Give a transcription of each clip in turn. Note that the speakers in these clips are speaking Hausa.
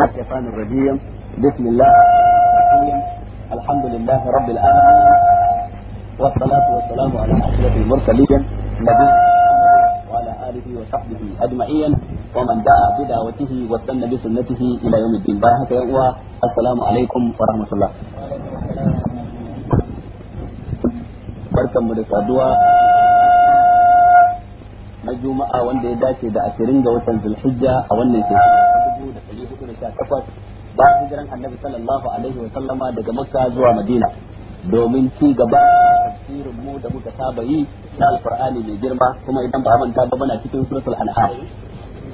الشيطان الرجيم بسم الله الرحيم الحمد لله رب العالمين والصلاة والسلام على أشرف المرسلين نبينا وعلى آله وصحبه أجمعين ومن دعا بدعوته واستنى بسنته إلى يوم الدين بارك الله السلام عليكم ورحمة الله barkanmu da saduwa na juma'a wanda ya dace da ashirin ga watan zulhijja a wannan shekara takwas bayan hijiran annabi sallallahu alaihi wa sallama daga makka zuwa madina domin ci gaba tafsirin mu da muka saba yi na alqur'ani mai girma kuma idan ba manta ba muna cikin suratul anha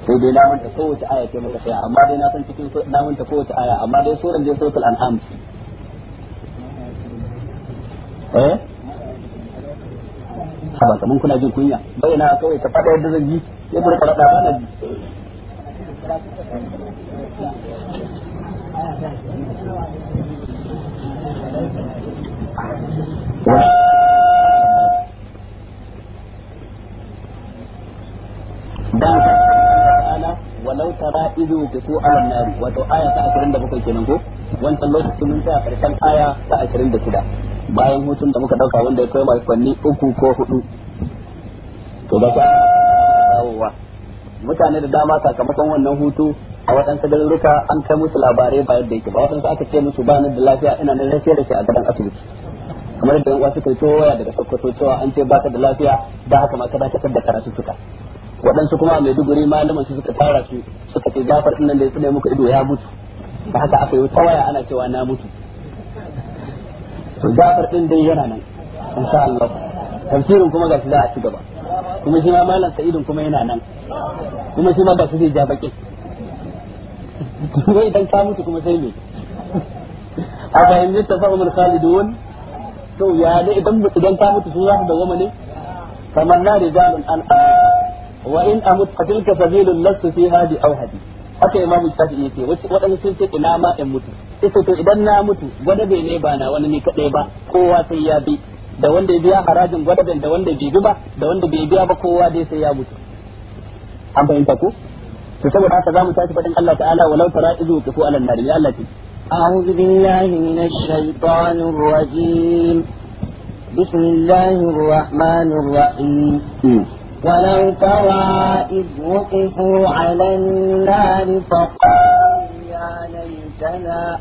sai dai na manta kowace aya ce muka tsaya amma dai na san cikin na manta kowace aya amma dai suran dai suratul anha eh haba kaman kuna jin kunya bayyana kawai ta fada yadda zan yi ya burka faɗa ana ji tara'izu su ala nari wato aya ta 27 kenan ko wancan lokacin mun tsaya karshen aya ta shida bayan hutun da muka dauka wanda ya kai makonni uku ko hudu to ba ka dawowa mutane da dama sakamakon wannan hutu a waɗansu garuruka an kai musu labarai ba yadda yake ba waɗansu aka ce musu ba da lafiya ina nan rashe da shi a gadon asibiti kamar da yan uwa suka yi waya daga sokoto cewa an ce baka da lafiya da haka ma ka dakatar da karatu suka waɗansu kuma a maiduguri malaman su suka tara su suka ce gafar ɗin nan da ya tsine muka ido ya mutu ba haka aka yi ta waya ana cewa na mutu to gafar ɗin dai yana nan insha Allah tafsirin kuma shi za a ci gaba kuma shi ma malam sa'idin kuma yana nan kuma shi ma su zai ja baƙin kuma idan ka mutu kuma sai me a fahimci ta fa'umar khalidun to ya ne idan idan ka mutu su za su dawama ne kamar na rijalun al'amari wa in amut fatilka sabilul lastu fiha bi awhadi haka imamu shafi'i yake waɗanda sun ce ina ma in mutu sai to idan na mutu gwadabe ne ba na wani ni kadai ba kowa sai ya bi da wanda ya biya harajin gwadaben da wanda bai bi ba da wanda bai biya ba kowa dai sai ya mutu an fahimta ko to saboda haka zamu tashi fadin Allah ta'ala walau tara izu kufu alan nar ya Allah ce أعوذ بالله من الشيطان الرجيم بسم الله الرحمن ولو ترى إذ وقفوا على النار فقالوا يا ليتنا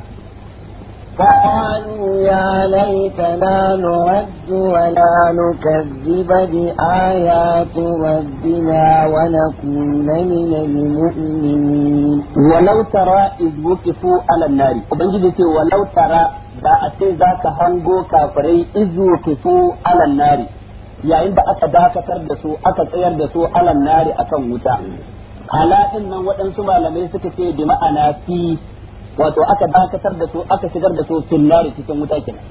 فقالوا يا ليتنا نرد ولا نكذب بآيات ربنا ونكون من المؤمنين ولو ترى إذ وقفوا على النار وبنجد ولو ترى ba a ce za ka hango kafirai izu kifu alan nari yayin da aka dakatar da su aka tsayar da su alan nari akan wuta ala din nan waɗansu malamai suka ce bi ma'ana fi wato aka dakatar da su aka shigar da su fil nari cikin wuta kenan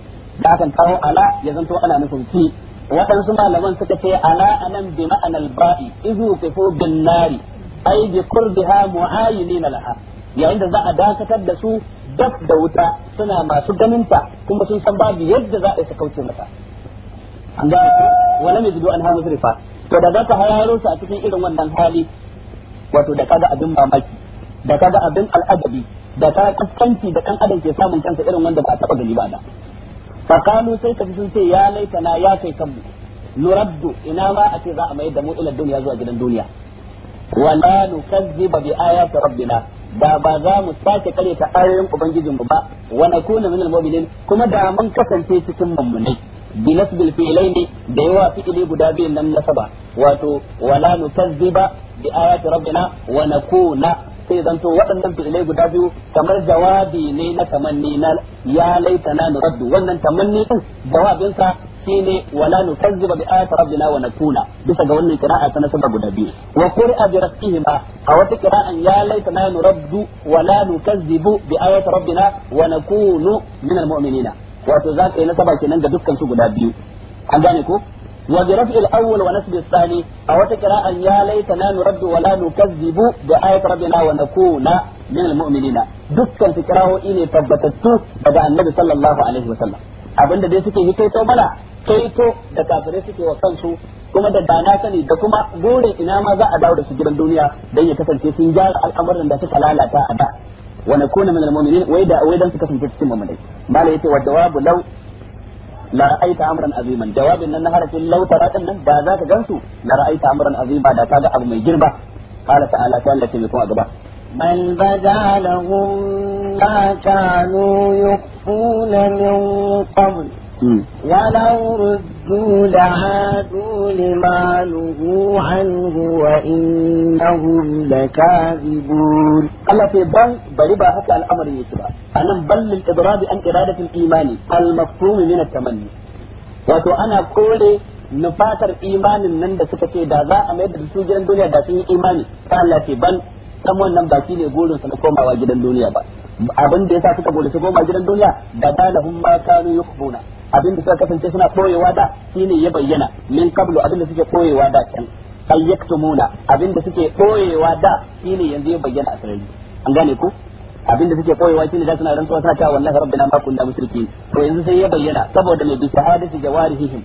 da akan kawo ala ya zanto ana nufin fi waɗansu malaman suka ce ala anan bi ma'anal ba'i izu fifu bin nari ai bi qurbiha mu'ayinin laha yayin da za a dakatar da su daf da wuta suna masu ganinta kuma sun san babu yadda za a yi kauce mata an wala mai zubo an ha zurfa to da zaka hayaro su a cikin irin wannan hali wato da kaga abin mamaki da kaga abin al'adabi da ka kaskanci da kan adam ke samun kansa irin wanda ba a taba gani ba da fakalu sai ka sun ce ya laitana ya kai kanmu nuraddu ina ma a ce za a mai da mu ila duniya zuwa gidan duniya wala nukazziba bi ayati rabbina da ba za mu sake kare ta ayoyin ubangijinmu ba wa nakuna minal mu'minin kuma da mun kasance cikin mummunai bi nasbil fi'laini da yawa fi'ili guda biyun nan nasaba wato wala nukazziba bi ayati rabbina wa nakuna sai zanto waɗannan fi'ilai guda biyu kamar jawabi ne na tamanni na ya laita na nuraddu wannan tamanni din jawabinsa shine wala nukazziba bi ayati rabbina wa nakuna bisa ga wannan qira'a ta nasaba guda biyu wa qira'a bi rafihima a wata qira'an ya laita na nuraddu wala nukazzibu bi ayati rabbina wa nakunu min almu'minina wato za ka yi nasaba kenan ga dukkan su guda biyu an gane ko wa bi raf'il awwal wa nasb al-thani aw ta qira'an ya laitana nuraddu wa la nukazzibu bi ayati rabbina wa nakuna min al-mu'minina dukkan su qira'o'i ne tabbatattu daga annabi sallallahu alaihi wa sallam abinda dai suke hikaito mana kaito da kafirai suke wa kansu kuma da dana sani da kuma burin ina ma za a dawo da su gidan duniya don ya kasance sun gyara al'amuran da suka lalata a da wa nakuna minal mu'minin wai da wai dan su kasance cikin mu'minai malai yace wa jawabu law la ra'aita amran aziman jawabin nan na harafin law tarakan nan ba za ka gansu la ra'aita amran azima da kaga abu mai girba qala ta'ala ta allati bikum agaba بل بدا لهم ما كانوا يخفون من قبل Hmm. ولو ردوا لعادوا لما نهوا عنه وإنهم لكاذبون الله في بان بربا هكا الأمر يسرى أنا بل للإضراب أن إرادة الإيمان المفهوم من التمني wato ana kore nufatar imanin nan da suka ce da za a mayar da su gidan duniya da sun yi imani ta Allah baki ne gurin su na komawa gidan duniya ba abin da ya yasa suka bole su koma gidan duniya da dalahun ma kanu yukhbuna abin da suka kasance suna koyewa da shine ya bayyana min qablu abin da suke koyewa da kan ayyaktumuna abin da suke koyewa da shine yanzu ya bayyana sarari an gane ko abin da suke shi shine da suna rantsuwa suna cewa wallahi rabbina ma kunna musrikin to yanzu sai ya bayyana saboda mai bi shahadati jawarihim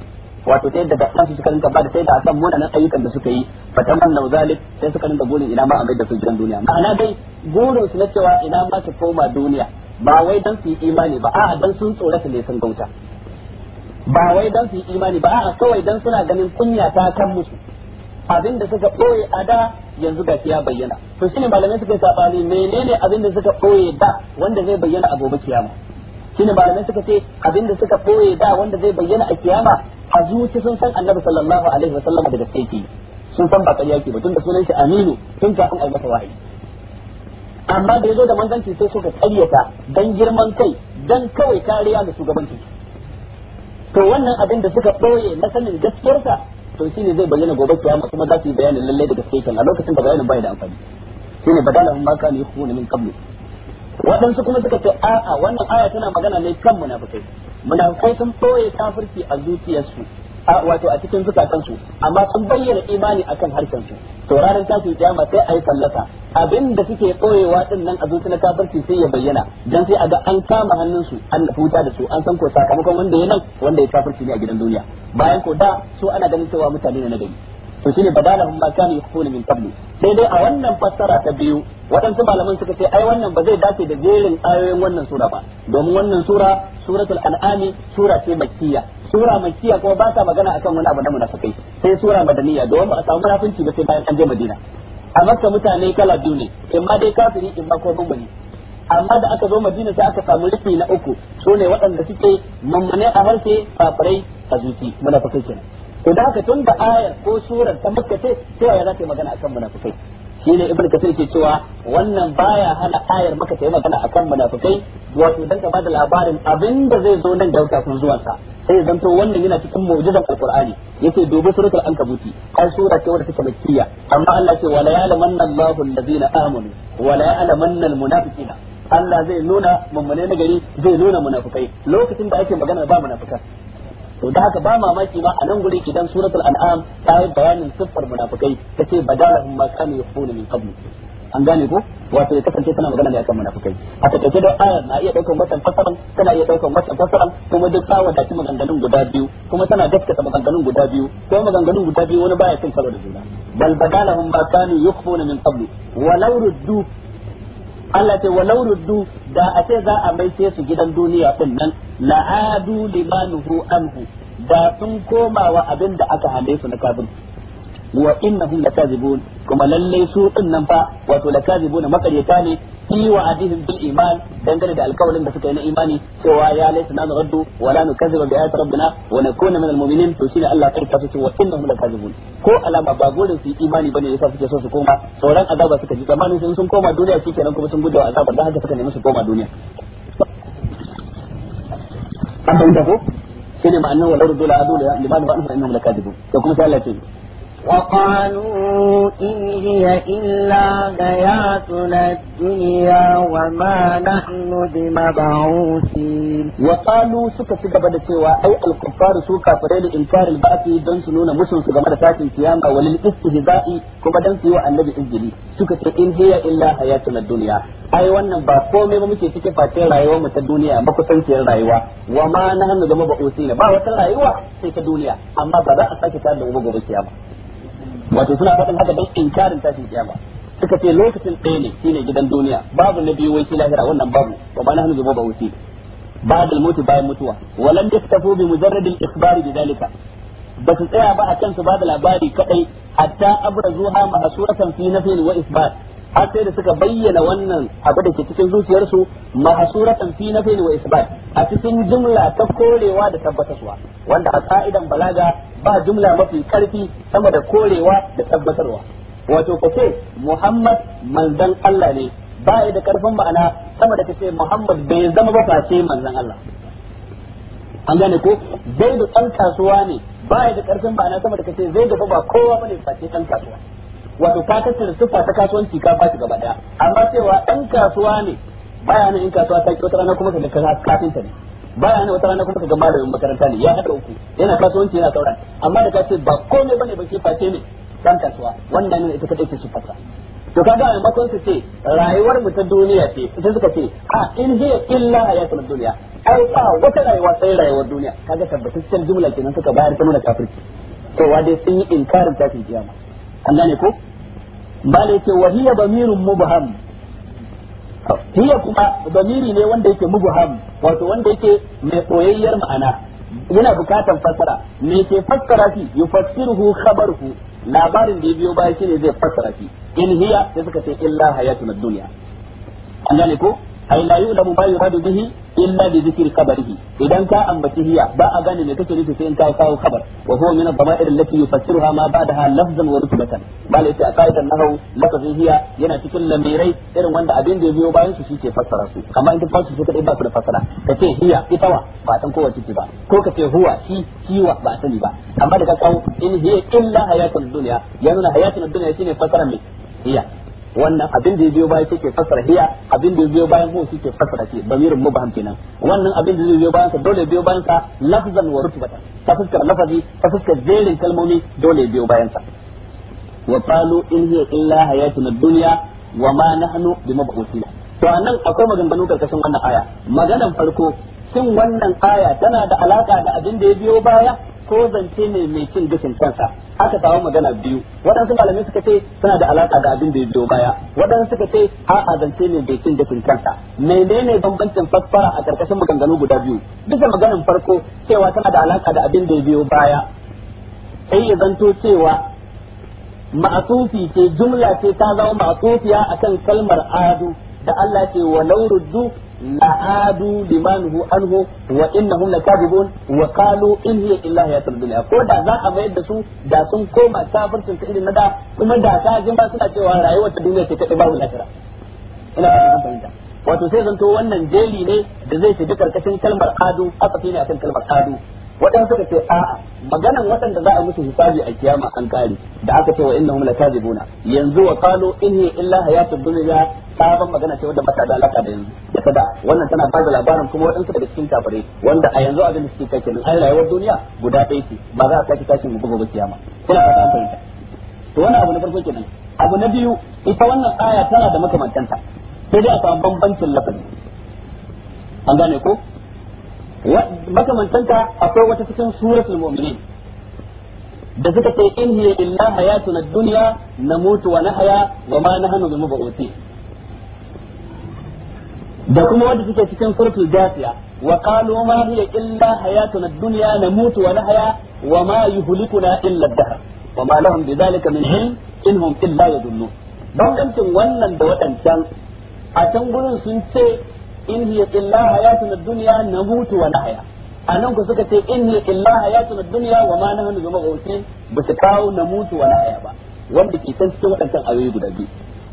wato sai da gaban su suka rinka ba da sai da akan munanan ayyukan da suka yi fatan man zalik sai suka rinka burin ina ma abin da su jiran duniya ma'ana dai burin su na cewa ina ma su koma duniya ba wai dan su yi imani ba a'a dan sun tsorata ne sun gauta ba wai dan su yi imani ba a'a kawai dan suna ganin kunya ta kan musu abin da suka ɓoye a da yanzu ga ya bayyana to shine malamai suka sabani menene abin da suka ɓoye da wanda zai bayyana a gobe kiyama shine malamai suka ce abin da suka ɓoye da wanda zai bayyana a kiyama a zuci sun san annabi sallallahu alaihi wasallam da gaske ke sun san ba ƙarya ke ba tunda sunan shi aminu tun kafin a masa wahayi amma da yazo da manzanci sai suka ƙaryata dan girman kai dan kawai kariya da shugabanci to wannan abin da suka ɓoye na sanin gaskiyarsa to shi ne zai bayyana gobe kiyama kuma za su yi bayanin lallai da gaske kan a lokacin da bayanin bai da amfani bada badalahum ma kanu yakhuna min qablu waɗansu kuma suka ce a'a wannan aya tana magana ne kan munafikai munafikai sun ɓoye kafirci a zuciyarsu wato a cikin zukatansu amma sun bayyana imani akan harshen su to ranar tashi kiyama sai ayi sallata abin da suke koyewa din nan a zuciya kafirci sai ya bayyana dan sai a ga an kama hannun su an huta da su an san ko sakamakon wanda ya nan wanda ya kafirci ne a gidan duniya bayan ko da su ana ganin cewa mutane ne na gari to shine ba ma kanu yakfuna min qabli dai dai a wannan fassara ta biyu waɗansu malaman suka ce ai wannan ba zai dace da jerin ayoyin wannan sura ba domin wannan sura suratul an'ami sura ce makkiya sura makkiya kuma ba ta magana akan wani abu na munafikai sai sura madaniya domin ba a samu rafinci ba sai bayan an je madina a makka mutane kala biyu ne in ma dai kafiri in ma ko mummuni amma da aka zo madina sai aka samu rufi na uku sune waɗanda suke mummune a harshe fafarai a zuci munafikai kenan kuda da tun da ayar ko surar ta makka ce sai ya za ta yi magana akan munafikai shine ibnu kasir ke cewa wannan baya hana ayar maka ta yi magana akan munafikai wato dan ka bada labarin abin da zai zo nan da kun zuwan sa sai zanto wannan yana cikin mu'jizan alqur'ani yace dubi suratul ankabuti ai sura ce wadda take makkiya amma Allah ce wala ya'lamanna Allahu alladhina amanu wala ya'lamanna almunafiqina Allah zai nuna mummune na gari zai nuna munafikai lokacin da ake magana ba munafikai to da haka ba mamaki ma a nan guri idan suratul an'am ta yi bayanin siffar munafikai tace badalahum ma kanu yaquluna min qabl an gane ko wato ya kasance tana magana ne akan munafikai a takaice da aya na iya daukar watan fasaran tana iya daukar watan fasaran kuma duk ta wadaci maganganun guda biyu kuma tana gaskata maganganun guda biyu ko maganganun guda biyu wani baya cin karo da juna bal badalahum ma kanu yukhfuna min qabl walau ruddu Allah ta walau ruddu da a ce za a maishe su gidan duniya din nan la'adu limanuhu anhu da sun koma wa abin da aka hane su na kafirci wa innahum lakazibun kuma lalle su din nan fa wato lakazibuna makaryata ne fi wa'adihim bil iman dangane da alƙawarin da suka yi na imani cewa ya laisa na raddu wa la nukazzibu bi ayati rabbina wa nakuna min al mu'minin to shine Allah ya karfafa su wa innahum lakazibun ko alama ba gurin su imani bane yasa suke so su koma sauran azaba suka ji zamanin sun sun koma duniya shikenan kuma sun guje wa azaba da haka suka nemi su koma duniya an bayyana ko shine ma'anar walau rudula adula liman ba'anhu innahum lakazibun to kuma sai Allah ya ce وقالوا إن هي إلا حياتنا الدنيا وما نحن بمبعوثين وقالوا سكا سكا بدا سوى أي الكفار سوكا فريل إنكار البعث دون سنونا مسلم سكا مدى ساتي سياما وللإستهزاء كما دون سوى النبي إنجلي سكا إن هي إلا حياتنا الدنيا ai wannan ba komai ba muke cikin facin rayuwar mu ta duniya ba kusanciyar rayuwa wa ma na hannu zama ba ba wata rayuwa sai ta duniya amma ba za a sake tada gobe gobe kiyama wato suna faɗin haka don inkarin tashin kiyama suka ce lokacin ɗaya ne shine gidan duniya babu na biyu wai lahira wannan babu wa ba nahnu zubo ba wuce ba'da muti bayan mutuwa walam yaktafu bi mujarrad al-ikhbar bi dalika ba su tsaya ba a kansu ba da labari kadai hatta abrazuha mahsuratan fi nafin wa isbar. har sai da suka bayyana wannan abu da ke cikin zuciyarsu mahsuratan fi nafin wa isbat a cikin jumla ta korewa da tabbatarwa wanda a ka'idan balaga ba jumla mafi karfi sama da korewa da tabbatarwa wato ka ce Muhammad manzon Allah ne ba da karfin ma'ana sama da ka ce Muhammad bai zama ba face manzon Allah an gane ko zai da ɗan kasuwa ne ba da karfin ma'ana sama da ka ce zai da ba kowa bane face ɗan kasuwa wato ka tattara siffa ta kasuwanci ka fashi gaba daya amma cewa dan kasuwa ne baya nan in kasuwa ta ki wata rana kuma ka ga kafinta ne baya nan wata rana kuma ka ga malamin makaranta ne ya haɗa uku yana kasuwanci yana sauran amma da ka ce ba komai bane ba ke face ne dan kasuwa wannan ne ita kadai ce siffarsa to kaga a maimakon su ce rayuwar mu ta duniya ce sai suka ce a in hiya illa hayatul dunya ai ba wata rayuwa sai rayuwar duniya kaga tabbataccen jumla kenan suka bayar ta nuna kafirci wa dai sun yi inkarin tashin kiyama an gane ko bale ce wa hiya bamirun mubham hiya kuma bamiri ne wanda yake mubham wato wanda yake mai soyayyar ma'ana yana bukatan fassara me ke fassara shi yufassiruhu khabaruhu labarin da ya biyo baya shine zai fassara shi in hiya sai suka ce illa hayatun dunya an gane ko ai la yu'lam ma yuradu bihi illa bi dhikri qabrihi idan ka ambaci hiya ba a gane me kake nufi sai in ka kawo kabar wa huwa min ad-dama'ir allati yufassiruha ma ba'daha lafzan wa rutbatan bal ita qaidan hau lafzi hiya yana cikin lamirai irin wanda abin da ya biyo bayan su shike fassara su amma in ka fassara su kadai ba su da fassara kace hiya ita wa ba san kowace ce ba ko kace huwa shi wa ba sani ba amma daga kawo in hiya illa hayatul dunya yana nuna dunya shine fassara mai hiya wannan abin da ya biyo baya suke fasara hiya abin da ya biyo bayan hu suke fasara shi damirin mubham kenan wannan abin da ya biyo bayan sa dole ya biyo bayan sa lafzan wa rutbatan ta fuskar lafazi ta fuskar zerin kalmomi dole ya biyo bayan sa wa qalu in hiya illa hayatuna dunya wa ma nahnu bimab'usina to anan akwai maganganu karkashin wannan aya maganan farko shin wannan aya tana da alaka da abin da ya biyo baya ko zance ne mai cin dukin kansa aka samu magana biyu waɗansu malamai suka ce suna da alaƙa da abin da ya biyo baya waɗansu suka ce a azance ne bai cin dafin kanta menene bambancin fasfara a karkashin maganganu guda biyu bisa maganin farko cewa tana da alaƙa da abin da ya biyo baya sai ya zanto cewa ma'asufi ce jumla ce ta zama ma'asufiya akan kalmar adu da Allah ce wa lauruddu la'adu liman hu anhu wa innahum lakadibun wa qalu in hiya illa ko da za a mayar da su da sun koma kafircin ta irin na da kuma da jin ba suna cewa rayuwar ta duniya ce ba mu lahira ina fahimta wato sai zanto wannan jeli ne da zai shiga karkashin kalmar adu aka fi ne akan kalmar adu waɗansu suka ce a'a maganan waɗanda za a musu hisabi a kiyama an kare da aka ce wa innahum lakazibuna yanzu wa qalu inni illa hayatud dunya sabon magana ce wanda bata da alaka da yanzu da kada wannan tana bada labarin kuma waɗansu daga cikin kafare wanda a yanzu abin da suke kake kenan an rayuwar duniya guda ɗaya ce ba za a sake tashi mu gobe kiyama kuna da an fahimta to wannan abu na farko kenan abu na biyu ita wannan aya tana da makamantanta sai dai a samu bambancin lafazi an gane ko makamantanta akwai wata cikin suratul mu'minin da suka ce in hiya illa hayatuna dunya namutu wa nahya wa ma nahnu bi mab'uthi da kuma wanda suke cikin suratul jasiya wa qalu ma hiya illa hayatuna dunya namutu wa nahya wa ma yuhlikuna illa ad-dahr wa ma lahum bidhalika min ilm in hum illa yadunnun bambancin wannan da wadancan a can gurin sun ce in hiya illa hayatuna dunya namutu wa nahya anan ku suka ce in hiya illa hayatuna dunya wa ma nahnu bi mabutin ba su kawo namutu wa nahya ba wanda ke san cikin waɗannan ayoyi guda biyu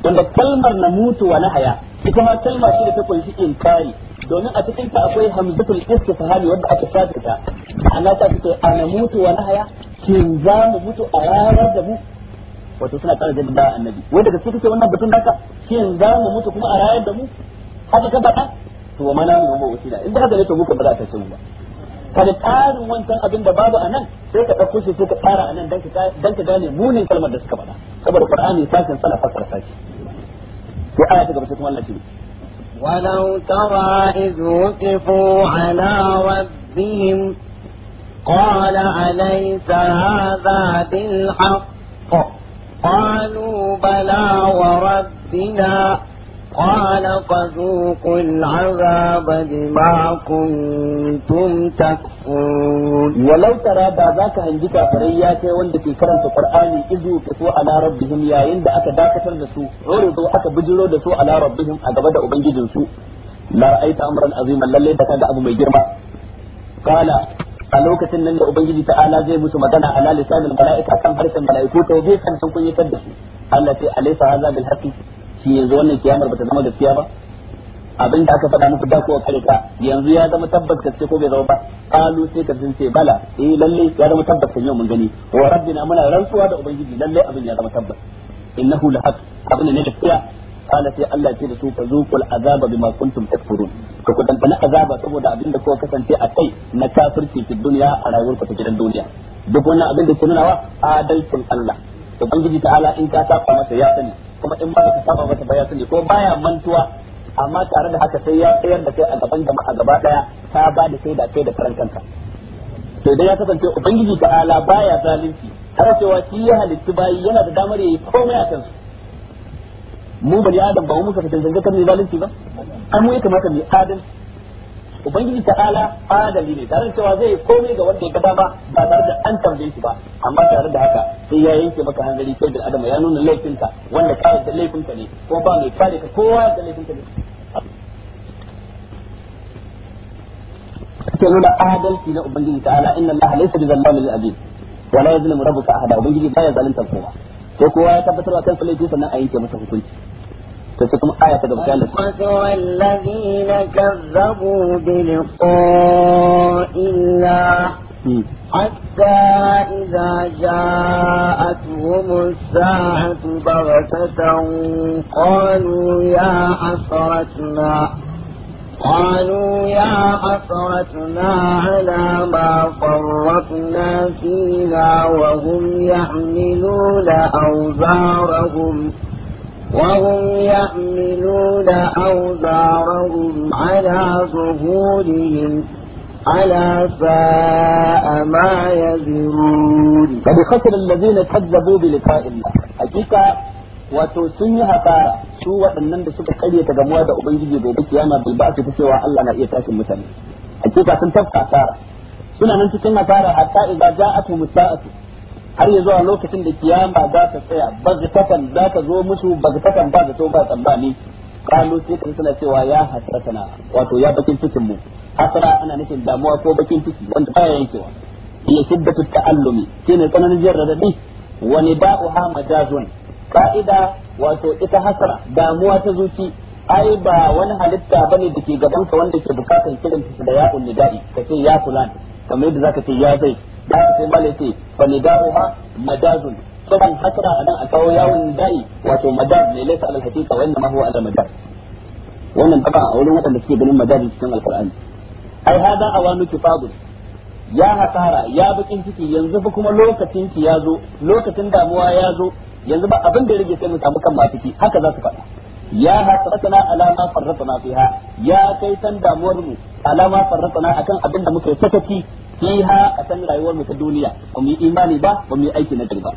wanda kalmar namutu wa nahya ita ma kalma ce da ta kunshi inkari domin a cikin ta akwai hamzatul istifhami wanda aka sadata ma'ana ta fito ana mutu wa nahya kin za mu mutu a ranar da mu wato suna kara jin da annabi wanda da su kike wannan batun naka kin za mu mutu kuma a rayar da mu haka ka faɗa to wa mana mu wasila in ba haka ne to mu kan ba za ta tsayu ba kada tsarin wancan abin da babu nan. sai ka ɗauko shi sai ka tsara anan dan ka dan ka gane munin kalmar da suka faɗa saboda qur'ani sakin sana fasara saki to aya ta gaba sai kuma Allah ce ولو ترى إذ وقفوا على ربهم قال أليس هذا بالحق قالوا بلى وربنا قال فذوقوا العذاب بما كنتم تكفرون ولو ترى ذاك عند كافريا كي وند في كرنت القرآن إذو كسوا على ربهم يا عند أكا داكتر دسو عرضوا أكا بجلو دسو على ربهم أقبد أبنجي دسو لا رأيت أمرا عظيما للي دكا أبو ميجرما قال a lokacin nan da ubangiji ta'ala zai musu magana ala lisanil mala'ika kan harshen mala'iku to zai san sun kunyatar da su Allah sai alaysa hadha bil haqqi shi yanzu wannan kiyamar bata zama gaskiya ba abin da aka faɗa muku da ko karka yanzu ya zama tabbas gaske ko bai zama ba Kalu sai ka ce bala eh lalle ya zama tabbas yau mun gani wa rabbina muna rantsuwa da ubangiji lalle abin ya zama tabbas innahu lahaq abin ne gaskiya kana sai Allah ce da su fa zuqul azaba bima kuntum takfurun ka ku na azaba saboda abin da kuka kasance a kai na kafirci cikin duniya a rayuwar ku ta gidan duniya duk wannan abin da ke nunawa adalcin Allah ubangiji ta'ala in ka saba masa ya sani kuma in ba ka saba masa ba ya sani ko baya mantuwa amma tare da haka sai ya tsayar da kai a gaban jama'a gaba daya ta ba da sai da kai da karan kanka to idan ya kasance ubangiji ta'ala baya zalunci har cewa shi ya halitta bayi yana da damar yayi komai a kansu mu bari adam ba mu muka fitin ne zalunci ba an mu ya kamata mu adalci ubangiji ta ta'ala adali ne tare cewa zai komai ga wanda ya ga ba ba tare da an tambaye shi ba amma tare da haka sai ya yanke maka hanzari kai da adama ya nuna laifinka wanda ka da laifinka ne ko ba mai kare ka kowa da laifinka ne ke nuna adalci na ubangiji ta'ala inna allaha laysa bizallamin lil abid wa la yuzlimu rabbuka ahada ubangiji baya zalunta kowa sai kowa ya tabbatar wa kansa laifi sannan a yanke masa hukunci تتكم آية تقبل وثوى الذين كذبوا بلقاء الله حتى إذا جاءتهم الساعة بغتة قالوا يا حسرتنا قالوا يا حسرتنا على ما فرطنا فيها وهم يحملون أوزارهم وهم يحملون أوزارهم على ظهورهم على ساء ما يزرون قد خسر الذين كذبوا بلقاء الله حقيقة wato sun yi hasara su waɗannan da suka karyata gamuwa da ubangiji gobe kiyama bil ba su cewa Allah na iya tashin mutane hakika sun tafka hasara suna nan cikin hasara hatta idza ja'atu musa'atu har ya zuwa lokacin da kiyama za ta tsaya bazkatan za ta zo musu bazkatan ba zato ba tsammani kalu sai kan suna cewa ya hasratana wato ya bakin cikin mu hasara ana nufin damuwa ko bakin ciki wanda baya yankewa ya allumi ta'allumi ne tsananin jin radadi wa nida'uha majazun ka'ida wato ita hasara damuwa ta zuci ai ba wani halitta bane da ke gaban ka wanda ke bukatar kiran da ya'un nida'i kace ya fulan kamar yadda zaka ce ya zai da sai malai ce fa ha? madazun saban hasra anan a kawo yawon da'i wato madaz ne laysa al haqiqa wa inma huwa alal madaz wannan taba a wurin wadanda suke ganin madaz cikin alqur'ani ai hada awanu kifadun ya hasara ya bakin ciki yanzu fa kuma lokacin ki ya zo lokacin damuwa ya zo yanzu ba abin da rage sai mu samu kan masu haka za su faɗa ya hasratana ala ma farratana fiha ya kai san damuwar mu ala ma farratana akan abin da muke yi sakaci fiha a san rayuwar mu ta duniya ba mu yi imani ba ba mu yi aiki na ba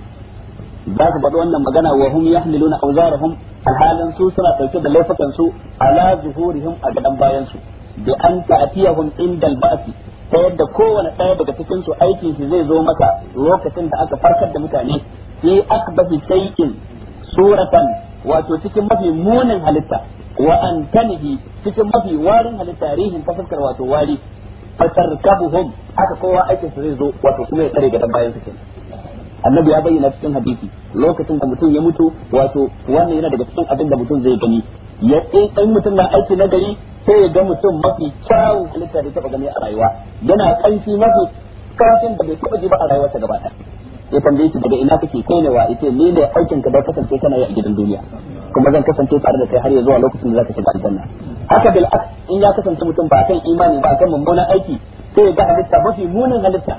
za su faɗi wannan magana wa hum yahmiluna awzarahum alhalan su suna ɗauke da laifukan su ala zuhurihim a gadan bayan su bi an ta'tiyahum indal ba'si ta yadda kowane ɗaya daga cikin su aikin shi zai zo maka lokacin da aka farkar da mutane sai akbafi shay'in suratan wato cikin mafi munin halitta wa antanihi cikin mafi warin halitta rihin ta fuskar wato wari fatarkabuhum haka kowa aikin su zai zo wato kuma ya tsare gadan bayan su kenan annabi ya bayyana cikin hadisi lokacin da mutum ya mutu wato wannan yana daga cikin abin da mutum zai gani ya in mutum na aiki na gari sai ya ga mutum mafi kyawun halitta da taba gani a rayuwa yana kanshi mafi kanshin da bai taba ji ba a rayuwa gaba ɗaya ya tambaye shi daga ina kake kai ne wa yace ni ne aikin ka da kasance kana yi a gidan duniya kuma zan kasance tare da kai har ya zuwa lokacin da zaka shiga aljanna haka bil ak in ya kasance mutum ba kan imani ba kan mummunan aiki sai ga halitta mafi munin halitta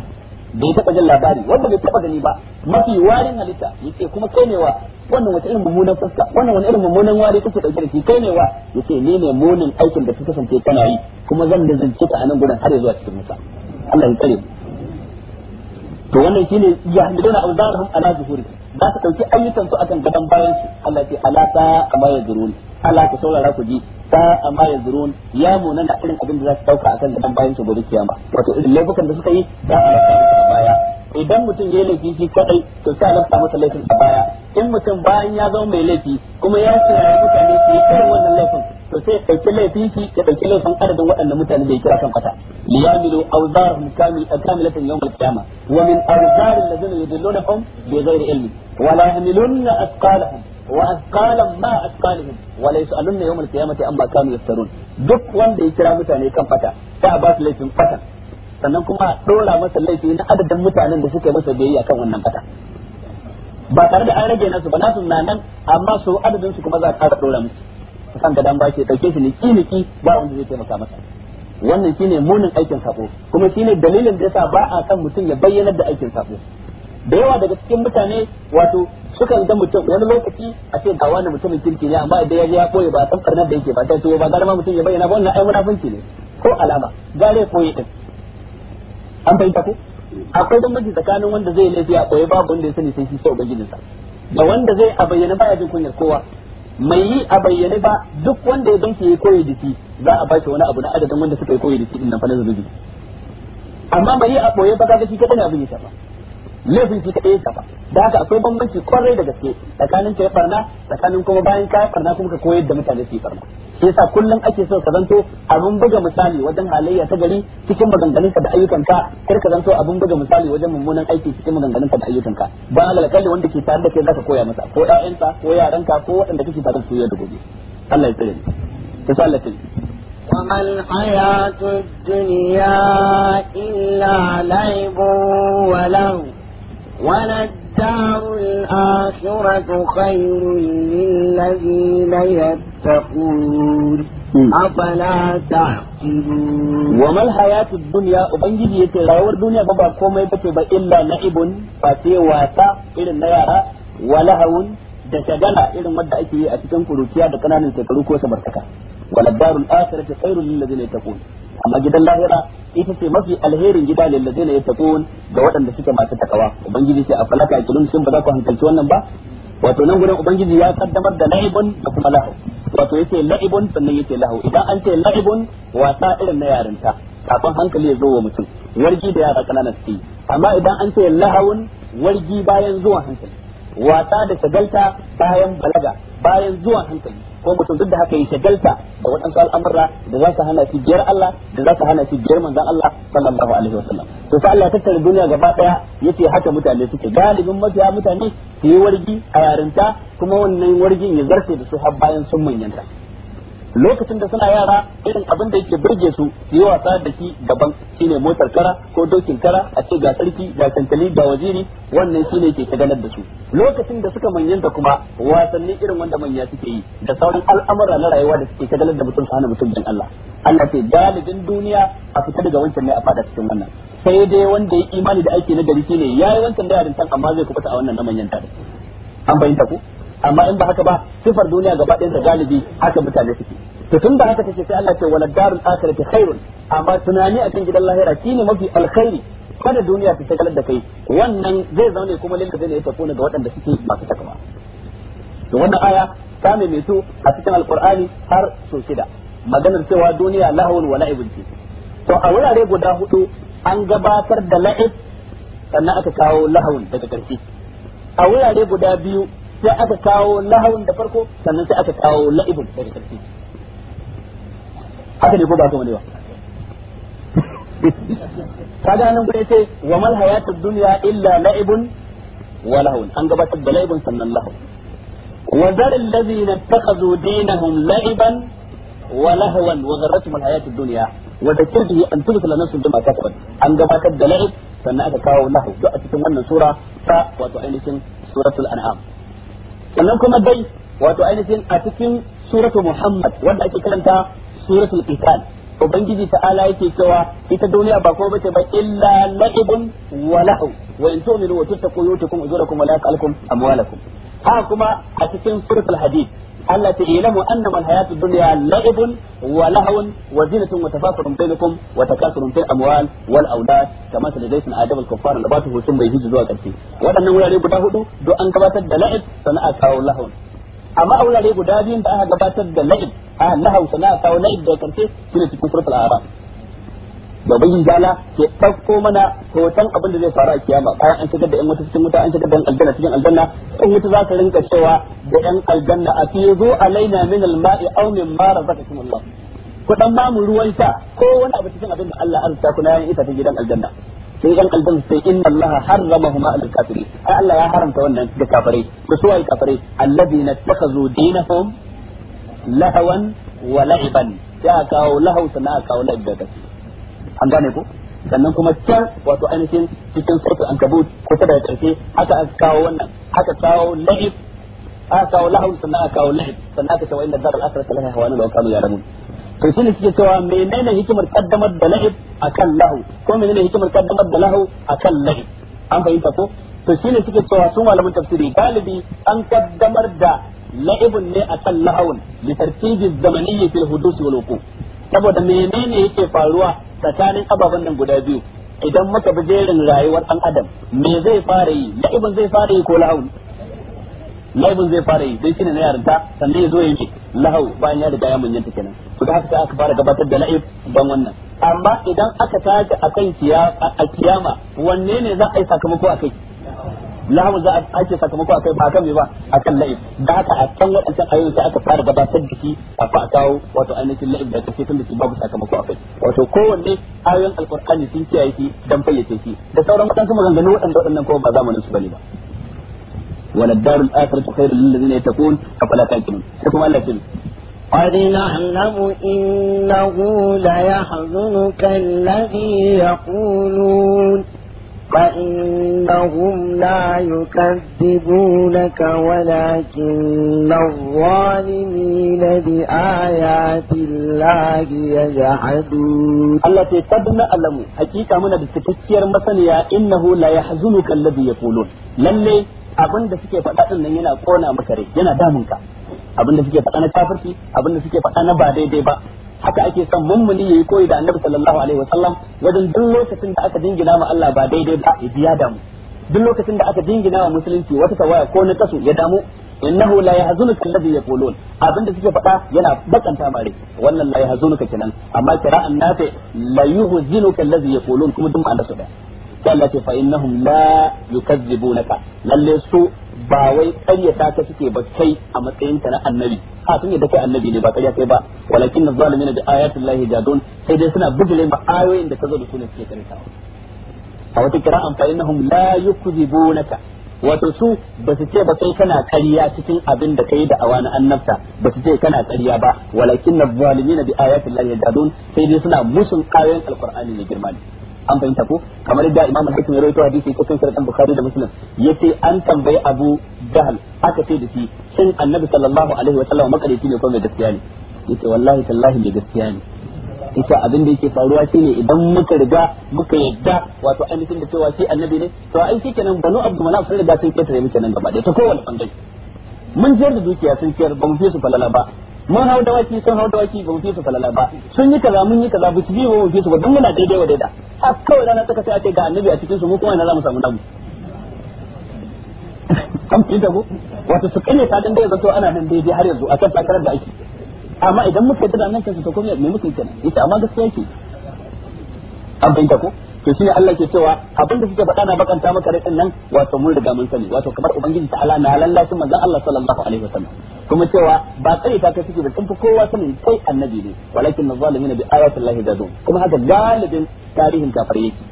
da ya taba jin labari wanda bai taba gani ba mafi warin halitta yace kuma kai ne wa wannan wata irin mummunan fuska wannan wani irin mummunan wari kake dauke da shi kai ne wa yace ni ne munin aikin da ta kasance kana yi kuma zan da zance ka a nan gudan har ya zuwa cikin musa Allah ya kare to wannan shine yahmiluna awzarhum ala zuhuri za su dauki ayyukan su akan gaban bayan su Allah ce ala ta amma yazurun Allah ku saurara ku ji ta amma yazurun ya munan da irin abin da za su dauka akan gaban bayan su gobe kiyama wato irin laifukan da suka yi da baya idan mutum ya yi laifi shi kadai to sai Allah ta masa laifin a baya in mutum bayan ya zama mai laifi kuma ya tsaya mutane su yi irin wannan laifin to sai dauki laifin shi ya dauki laifin adadin waɗannan mutane da ya kira kan kwata li yamilu awzarhum kamil kamilatan yawm al-qiyamah wa min awzar alladhina yudillunahum bi ghairi ilmi wa la yamiluna asqalahum wa asqalan ma asqalihim wa la yus'aluna yawm al-qiyamati amma kanu yaftarun duk wanda ya kira mutane kan kwata ta a ba su laifin kwata sannan kuma a dora masa laifi na adadin mutanen da suke masa biyayya kan wannan kwata ba tare da an rage nasu ba nasu na nan amma su adadin su kuma za a ƙara dora musu kan gadan bashi ya dauke shi ne kiniki ba wanda zai taimaka masa wannan shine munin aikin sako kuma ne dalilin da ya sa ba a kan mutum ya bayyana da aikin sako da yawa daga cikin mutane wato sukan ga mutum wani lokaci a ce ga wani mutumin kirki ne amma idan ya je ya koyi ba san karnar da yake ba ta ba gara ma mutum ya bayyana ba wannan ai munafinci ne ko alama gare koyi din an fahimta ko akwai miji tsakanin wanda zai laifi a koyi babu wanda ya sani sai shi sai ubangijinsa da wanda zai a bayyana baya jin kunyar kowa mai yi a bayyane ba duk wanda ya ganki ya koyi da za a bashi wani abu na adadin wanda suka yi koyi da shi din nan fa na amma mai yi a boye ba ka shi kadai abin ya shafa laifin shi kadai ba da haka akwai bambanci kwarai da gaske tsakanin kai farna tsakanin kuma bayan ka farna kuma ka koyar da mutane su yi farna shi yasa kullum ake so ka zanto abin buga misali wajen halayya ta gari cikin maganganunsa da ka kar ka zanto abin buga misali wajen mummunan aiki cikin maganganunsa da ayyukanka ba kalli wanda ke tare da kai zaka koya masa ko ƴaƴanka ko yaranka ko waɗanda kake tare da su da gobe Allah ya tsare ta sa Allah وما الحياة الدنيا إلا لعب ولهو وللدار الآخرة خير للذين يتقون أفلا تعقلون وما الحياة الدنيا وبنجي ba راور دنيا بابا كومي بتبا إلا نعب فاتي واتا إلا نيارا ولهو da shagala irin wadda ake yi a cikin kuruciya da kananan shekaru ko samartaka waladarul akhirati khairul lil ladina yattaqun amma gidan lahira ita ce mafi alherin gida lil ladina yattaqun ga waɗanda suke masu takawa ubangiji ce a falaka akilun sun ba za ku hankalci wannan ba wato nan gurin ubangiji ya kaddamar da la'ibun da kuma lahu wato yace la'ibun sannan yace lahu idan an ce la'ibun wasa irin na yarinta kafin hankali ya zo wa mutum wargi da yara kanana suke amma idan an ce lahawun wargi bayan zuwan hankali wasa da shagalta bayan balaga bayan zuwa hankali ko mutum duk da haka yi shagalta da waɗansu al'amurra da za su hana shi biyar Allah da za su hana shi biyar manzon Allah sallallahu alaihi wasallam to sai Allah ya tattara duniya gaba ya yace haka mutane suke galibin mafiya mutane su yi wargi a yarinta kuma wannan wargin ya zarce da su har bayan sun manyanta lokacin da suna yara irin abin da yake burge su su yi wasa da shi daban shine motar kara ko dokin kara a ce ga sarki ga kankali ga waziri wannan ne ke shagalar da su lokacin da suka manyanta kuma wasanni irin wanda manya suke yi da sauran al'amura na rayuwa da suke shagalar da mutum su hana mutum din Allah Allah ce dalibin duniya a fita daga wancan ne a fada cikin wannan sai dai wanda ya imani da aiki na gari ya yayi wancan da yarintan amma zai kubuta a wannan na manyan tare an bayyanta ku amma in ba haka ba sifar duniya gaba ɗayan galibi haka mutane suke to tun da haka take sai Allah ce wala darul akhirati khairun amma tunani a akan gidan lahira shine mafi alkhairi kada duniya ta shagalar da kai wannan zai zaune kuma lil zai ne ta kona ga waɗanda suke masu takama to wannan aya ta mai su a cikin alqur'ani har so shida maganar cewa duniya lahawun wa la'ibun ce to a wurare guda hudu an gabatar da la'ib sannan aka kawo lahawun daga ƙarshe a wurare guda biyu sai aka kawo lahawun da farko sannan sai aka kawo la'ibun daga karshe haka ne ko ba kuma ne ba kaga nan gure ce wa mal hayatud dunya illa la'ibun wa lahawun an gabatar da la'ibun sannan lahawun wa zar allazina ittakhadhu dinahum la'iban wa lahawan wa gharratuhum alhayatud dunya wa dhakir bihi an tudkhila nafsun bima kasabat an gabatar da la'ib sannan aka kawo lahawu duk a cikin wannan sura ta wato ainihin suratul an'am sannan kuma dai wato ainihin a cikin suratu muhammad wanda ake karanta suratul qital ubangiji ta'ala yake cewa ita duniya ba ko bace ba illa la'ibun wa lahu wa in tu'minu wa tattaqu yutukum ujurakum wa la yas'alukum amwalakum ha kuma a cikin suratul hadid Allah ta ilamu annama alhayatud duniya la'ibun wa lahawun wa zinatun wa tafakurun bainakum wa takasurun fil amwal wal awlad kama ta dai sun adabul kuffar da batu hutun bai hiji zuwa karshe waɗannan wurare guda hudu duk an gabatar da la'ib sana'a kawo lahawun amma a wurare guda biyun da aka gabatar da la'ib a lahaw sana'a kawo la'ib da karshe shine cikin suratul a'raf da ubangiji ta'ala ke ɗauko mana hoton abin da zai faru a kiyama bayan an shigar da yan wuta cikin wuta an shigar da yan aljanna cikin aljanna in wuta za ka rinka cewa da yan aljanna a fiye zo alaina min alma'i aw min ma razaqakum Allah ku dan ba mu ruwan sha ko wani abu cikin abin da Allah arzuta ku na ita ta gidan aljanna sai yan aljanna sai inna allaha harramahuma al kafirin ai Allah ya haramta wannan ga kafirai ku suwa kafirai alladhina takhazu dinahum lahawan wa la'iban ya kawo lahau na kawo la'iban an gane ko sannan kuma can wato ainihin cikin sautul ankabut kusa da karshe haka aka kawo wannan haka kawo lahib aka kawo lahab sannan aka kawo lahib sannan aka to suke cewa menene hikimar kaddamar da lahib lahu ko menene hikimar kaddamar da lahu lahib an fahimta ko to suke cewa sun malamin tafsiri galibi an kaddamar da la'ibun ne akan lahawun li tartibi zamaniyyi wal saboda menene yake faruwa tsakanin ababen nan guda biyu idan muka bi jerin rayuwar dan adam me zai fara yi la'ibin zai fara yi ko lahau laifin zai fara yi dai shine na yarinta sannan ya zo ya yi lahau bayan ya riga ya manyanta kenan to da haka aka fara gabatar da la'ib dan wannan amma idan aka tashi akan a kiyama wanne ne za a yi sakamako a kai lahamu za a ake sakamako akai ba kan me ba akan la'ib da haka a kan wadancan ayoyi sai aka fara gabatar da shi a fa kawo wato ainihin la'ib da take tun da shi babu sakamako akai wato kowanne ayoyin alqur'ani sun kiyaye shi dan fayyace shi da sauran wadansu maganganu wadanda wadannan ko ba zamanin su bane ba وللدار الآخرة خير للذين يتقون أفلا تعقلون سكم الله كله قد نعلم إنه ليحزنك الذي يقولون فإنهم لا يكذبونك ولكن الظالمين بآيات الله يجحدون التي قد نعلم حقيقة من بسكتير ya إنه لا يحزنك الذي يقولون للي abin da suke faɗa ɗin nan yana ƙona makare rai yana damunka abin da suke faɗa na kafirci abin da suke faɗa na ba dai dai ba haka ake son mummuni yayi koyi da annabi sallallahu alaihi wasallam wajen duk lokacin da aka jingina ma Allah ba daidai ba ya biya damu duk lokacin da aka jingina wa musulunci wata tawaya ko na kasu ya damu innahu la yahzunuka alladhi yaqulun abinda suke faɗa yana bakanta mare wannan la yahzunuka kenan amma qira'an nafi la yuhzinuka alladhi yaqulun kuma duk ma'anar su da Allah ce fa innahum la yukazzibunaka lalle su ba wai ƙaryata ta suke ba kai a matsayin ta na annabi a sun yadda kai annabi ne ba ƙarya kai ba walakin zalimin da ayatul lahi jadun sai dai suna bugule ba ayoyin da ta zo da su ne suke karantawa a wata kira amfani na hum la yukzibunaka wato su ba su ce ba kai kana ƙarya cikin abin da kai da awana annabta ba su ce kana ƙarya ba walakin na zalimin bi ayatin lahi jadun sai dai suna musun ayoyin alqur'ani ne girma ne an fahimta ko kamar yadda imamu hakim ya rawaito hadisi ko kan sharhan bukhari da muslim yace an tambayi abu jahal aka ce da shi shin annabi sallallahu alaihi wa sallam makarici ne ko mai gaskiya ne yace wallahi tallahi mai gaskiya ne yace abin da yake faruwa shine idan muka riga muka yadda wato ainihin da cewa shi annabi ne to ai shikenan banu abdul manaf sun riga sun ketare muke nan gaba da ta kowane bangare mun jiyar da dukiya sun ciyar ba mu fi su falala ba mun hau dawaki sun hau dawaki ba mu su falala ba sun yi kaza mun yi kaza ba su bi ba mu su ba don muna daidai wa daida a kawai ranar tsaka sai a ce ga annabi a cikin su mu kuma na za mu samu namu an fi da mu wato su kane ta dan da zato ana nan daidai har yanzu a kan takarar da ake amma idan muka yi da nan kansu to kuma me muke kenan yace amma gaskiya ce an fahimta ko to shine Allah ke cewa abin da suke faɗa na bakanta maka rai nan wato mun riga mun sani wato kamar ubangiji ta Allah na lallashi manzon Allah sallallahu alaihi wasallam kuma cewa ba tsari ta kai suke ba da fi kowa sanin kai annabi ne walakin nazalimina bi ayati Allah jadun kuma haka galibin tarihin kafare yake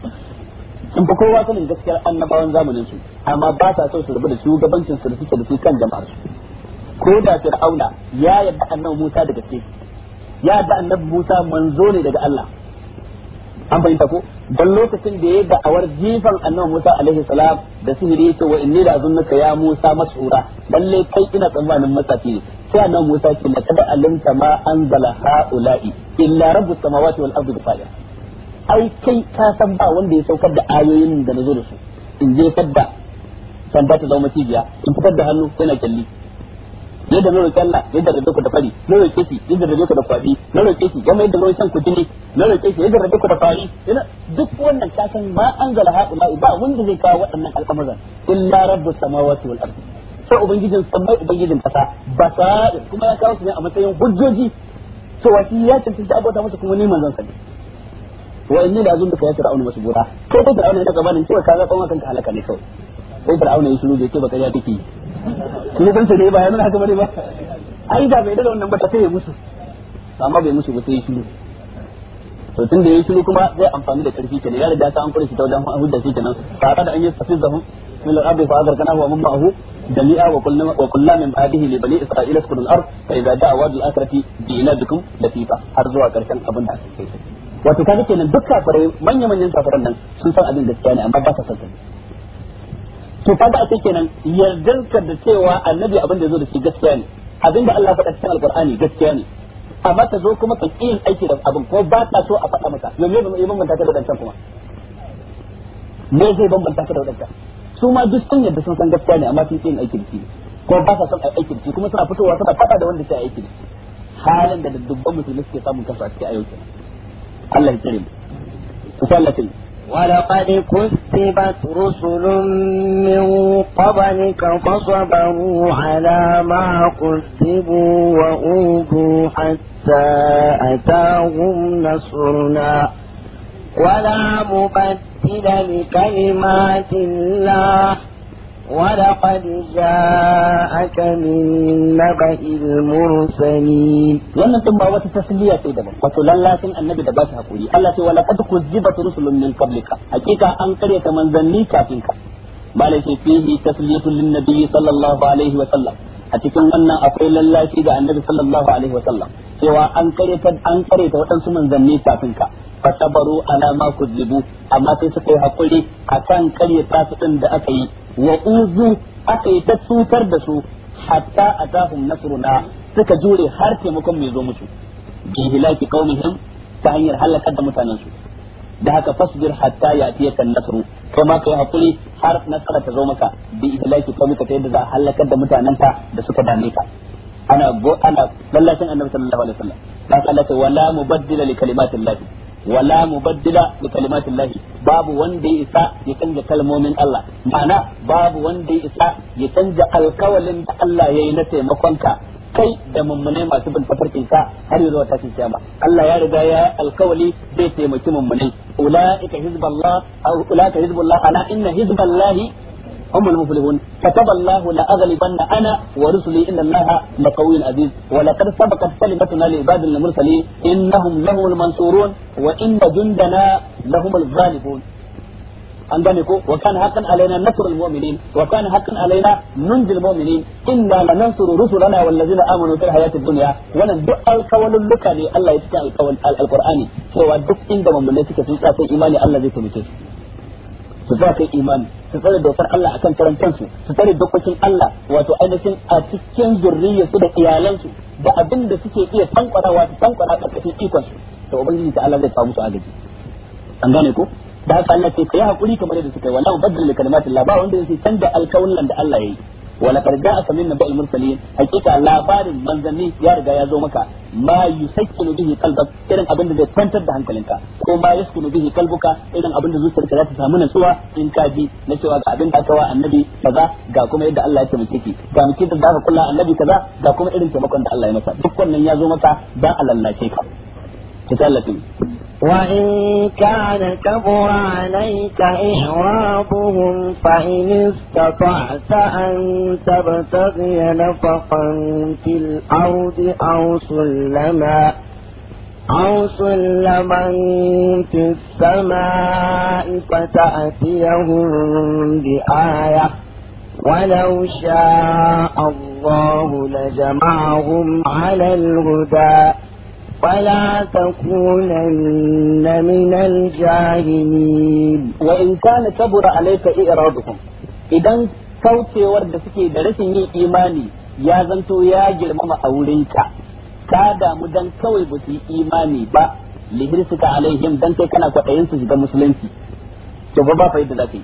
sun fi kowa sanin gaskiyar annabawan zamanin su amma ba sa so su rabu shugabancin su da suke da su kan jama'ar su ko da fir'auna ya yadda annabi Musa daga gaske ya yadda annabi Musa manzo ne daga Allah an fahimta ko dan lokacin da ya da'awar jifan annabi Musa alaihi salam da sihiri yace wa inni la azunnuka ya Musa mas'ura lalle kai ina tsammanin matsafi ne sai annabi Musa ce laqad alimta ma anzala haula'i illa rabbus samawati wal ardi bisair ai kai ka san ba wanda ya saukar da ayoyin da nazo da su in je fadda san ba ta zama cibiya in fitar da hannu sai na kalli yadda na roƙi Allah yadda da duka da fari na roƙe shi yadda da duka da fari na roƙe shi yadda da san ku jini na roƙe shi yadda da duka da fari duk wannan kasan ma an zala haɗula ba wanda zai kawo waɗannan al'amuran illa rabbus samawati wal ardi sai ubangijin sabai ubangijin kasa ba sa kuma ya kawo su ne a matsayin hujjoji to wasi ya da abota masa kuma ni manzon sa ne wa inni la ka ya fir'auna masbura ko ta fir'auna ta gabanin cewa ka ga kanka halaka ne kawai sai fir'auna ya shiru da ke ba kai ya take ne dan sai ba ya nuna haka bane ba ai da bai da wannan ba ta sai ya musu amma bai musu ba sai ya shiru to tun da ya shiru kuma zai amfani da karfi kenan ya riga ta an fara shi ta wajen hujja shi kenan fa kada an yi safizahu من a فأغرقناه ومن معه جميعا وكلنا وكلنا من بعده لبني إسرائيل اسكنوا الأرض فإذا جاء وعد الآخرة Har zuwa karshen هرزوا da أبن عسى wato kaga kenan duk kafirai manya manyan kafiran nan sun san abin gaskiya ne amma ba ta san to kaga a kenan yardanka da cewa annabi abin da zo da shi gaskiya ne abin da Allah faɗa cikin alqur'ani gaskiya ne amma ta zo kuma ka yin aiki da abin ko ba ka so a faɗa maka yau ne ya bambanta ka da dancan kuma me zai bambanta ka da dancan su ma duk sun yadda sun san gaskiya ne amma sun yin aiki da shi ko ba sa son a aiki da shi kuma suna fitowa suna faɗa da wanda sai aiki da shi halin da dubban musulmi suke samun kansu a cikin ayyukan Allah ya tsare mu sallallahu alaihi ولقد كذبت رسل من قبلك فصبروا على ما كذبوا وأوبوا حتى أتاهم نصرنا ولا مبدل لكلمات الله ولقد جاءك من نبأ المرسلين wannan tun ba wata tasliya ce daban wato lallacin annabi da ba shi hakuri Allah ce wala qad kuzibat rusulun min qablika hakika an karyata manzanni kafin ka bala ce fihi tasliyatun lin nabi sallallahu alaihi wa sallam a cikin wannan akwai lallaci ga annabi sallallahu alaihi wa sallam cewa an karyata an karyata waɗansu manzanni kafin ka fasabaru ala ma jibu. amma sai suka yi hakuri akan karya su ɗin da aka yi wa uzu aka yi ta cutar da su hatta a atahum na suka jure har taimakon mai zo musu bi hilaki qaumihim ta hanyar halakar da mutanen su da haka fasbir hatta ya fiye kan nasaru kai ma kai hakuri har nasara ta zo maka bi hilaki qaumika ta yadda za a halakar da mutanen ka da suka dame ka ana go ana lallacin annabi sallallahu alaihi wasallam dan Allah ta wala mubaddila li kalimatillah wala mubaddila li kalimatillahi babu wanda ya isa ya canza kalmomin Allah ma'ana babu wanda ya isa ya canza alkawalin da Allah ya yi na taimakonka kai da mummunai masu bin tafarkin ka har zuwa tashin kiyama Allah ya riga ya alkawali zai taimaki mummunai ulaika hizballah ulaika hizballah ana inna hizballahi هم المفلحون كتب الله لأغلبن أنا ورسلي إن الله لقوي عزيز ولقد سبقت كلمتنا لعباد المرسلين إنهم لهم المنصورون وإن جندنا لهم الغالبون an gane ko wa kana haqqan alaina nasrul mu'minin wa kana haqqan alaina nunjil mu'minin inna lanansuru rusulana wal ladzina amanu fil hayatid wannan duk alkawalin luka ne Allah ya cika alkawal alqur'ani cewa duk inda mu'mini suke sun imani Allah zai taimake su ba kai imani su tsare dokar Allah akan karan kansu su tsare dokokin Allah wato ainihin a cikin su da iyalansu da abin da suke iya tankwarawa su tankwara karkashin ikon su to ubangiji ta Allah zai samu su agaji an gane ko da haka Allah ce kai hakuri kamar yadda suka yi wallahu badal kalimatillah ba wanda yake canza alkawulan da Allah yi. ولقد جاءك من نبأ المرسلين حقيقة لا فارن من ذنبي يا رجا يا زومك ما يسكن به قلبك إذن أبن ذي تنتد عن كلنك وما يسكن به قلبك إذن أبن ذي تلك لا تفهمون سوى إن كاجي نسوى أبن أكوى النبي كذا جاكم إذا الله يتمكيكي جاكم إذا ذاك كل النبي كذا جاكم إذن تمكن الله يمسا دكوان من يا زومك دا على الله شيكا تسألتني وإن كان كبر عليك إعراضهم فإن استطعت أن تبتغي نفقا في الأرض أو سلما أو سلما في السماء فتأتيهم بآية ولو شاء الله لجمعهم على الهدى ولا تكونن من الجاهلين وإن كان كبر عليك إعراضهم إذا kaucewar da suke da rashin yin imani ya zanto ya girmama a wurinka ka damu dan kawai ba su yi imani ba lihir suka alaihim dan kai kana kwaɗayin su shiga musulunci to ba ba fa yadda zaka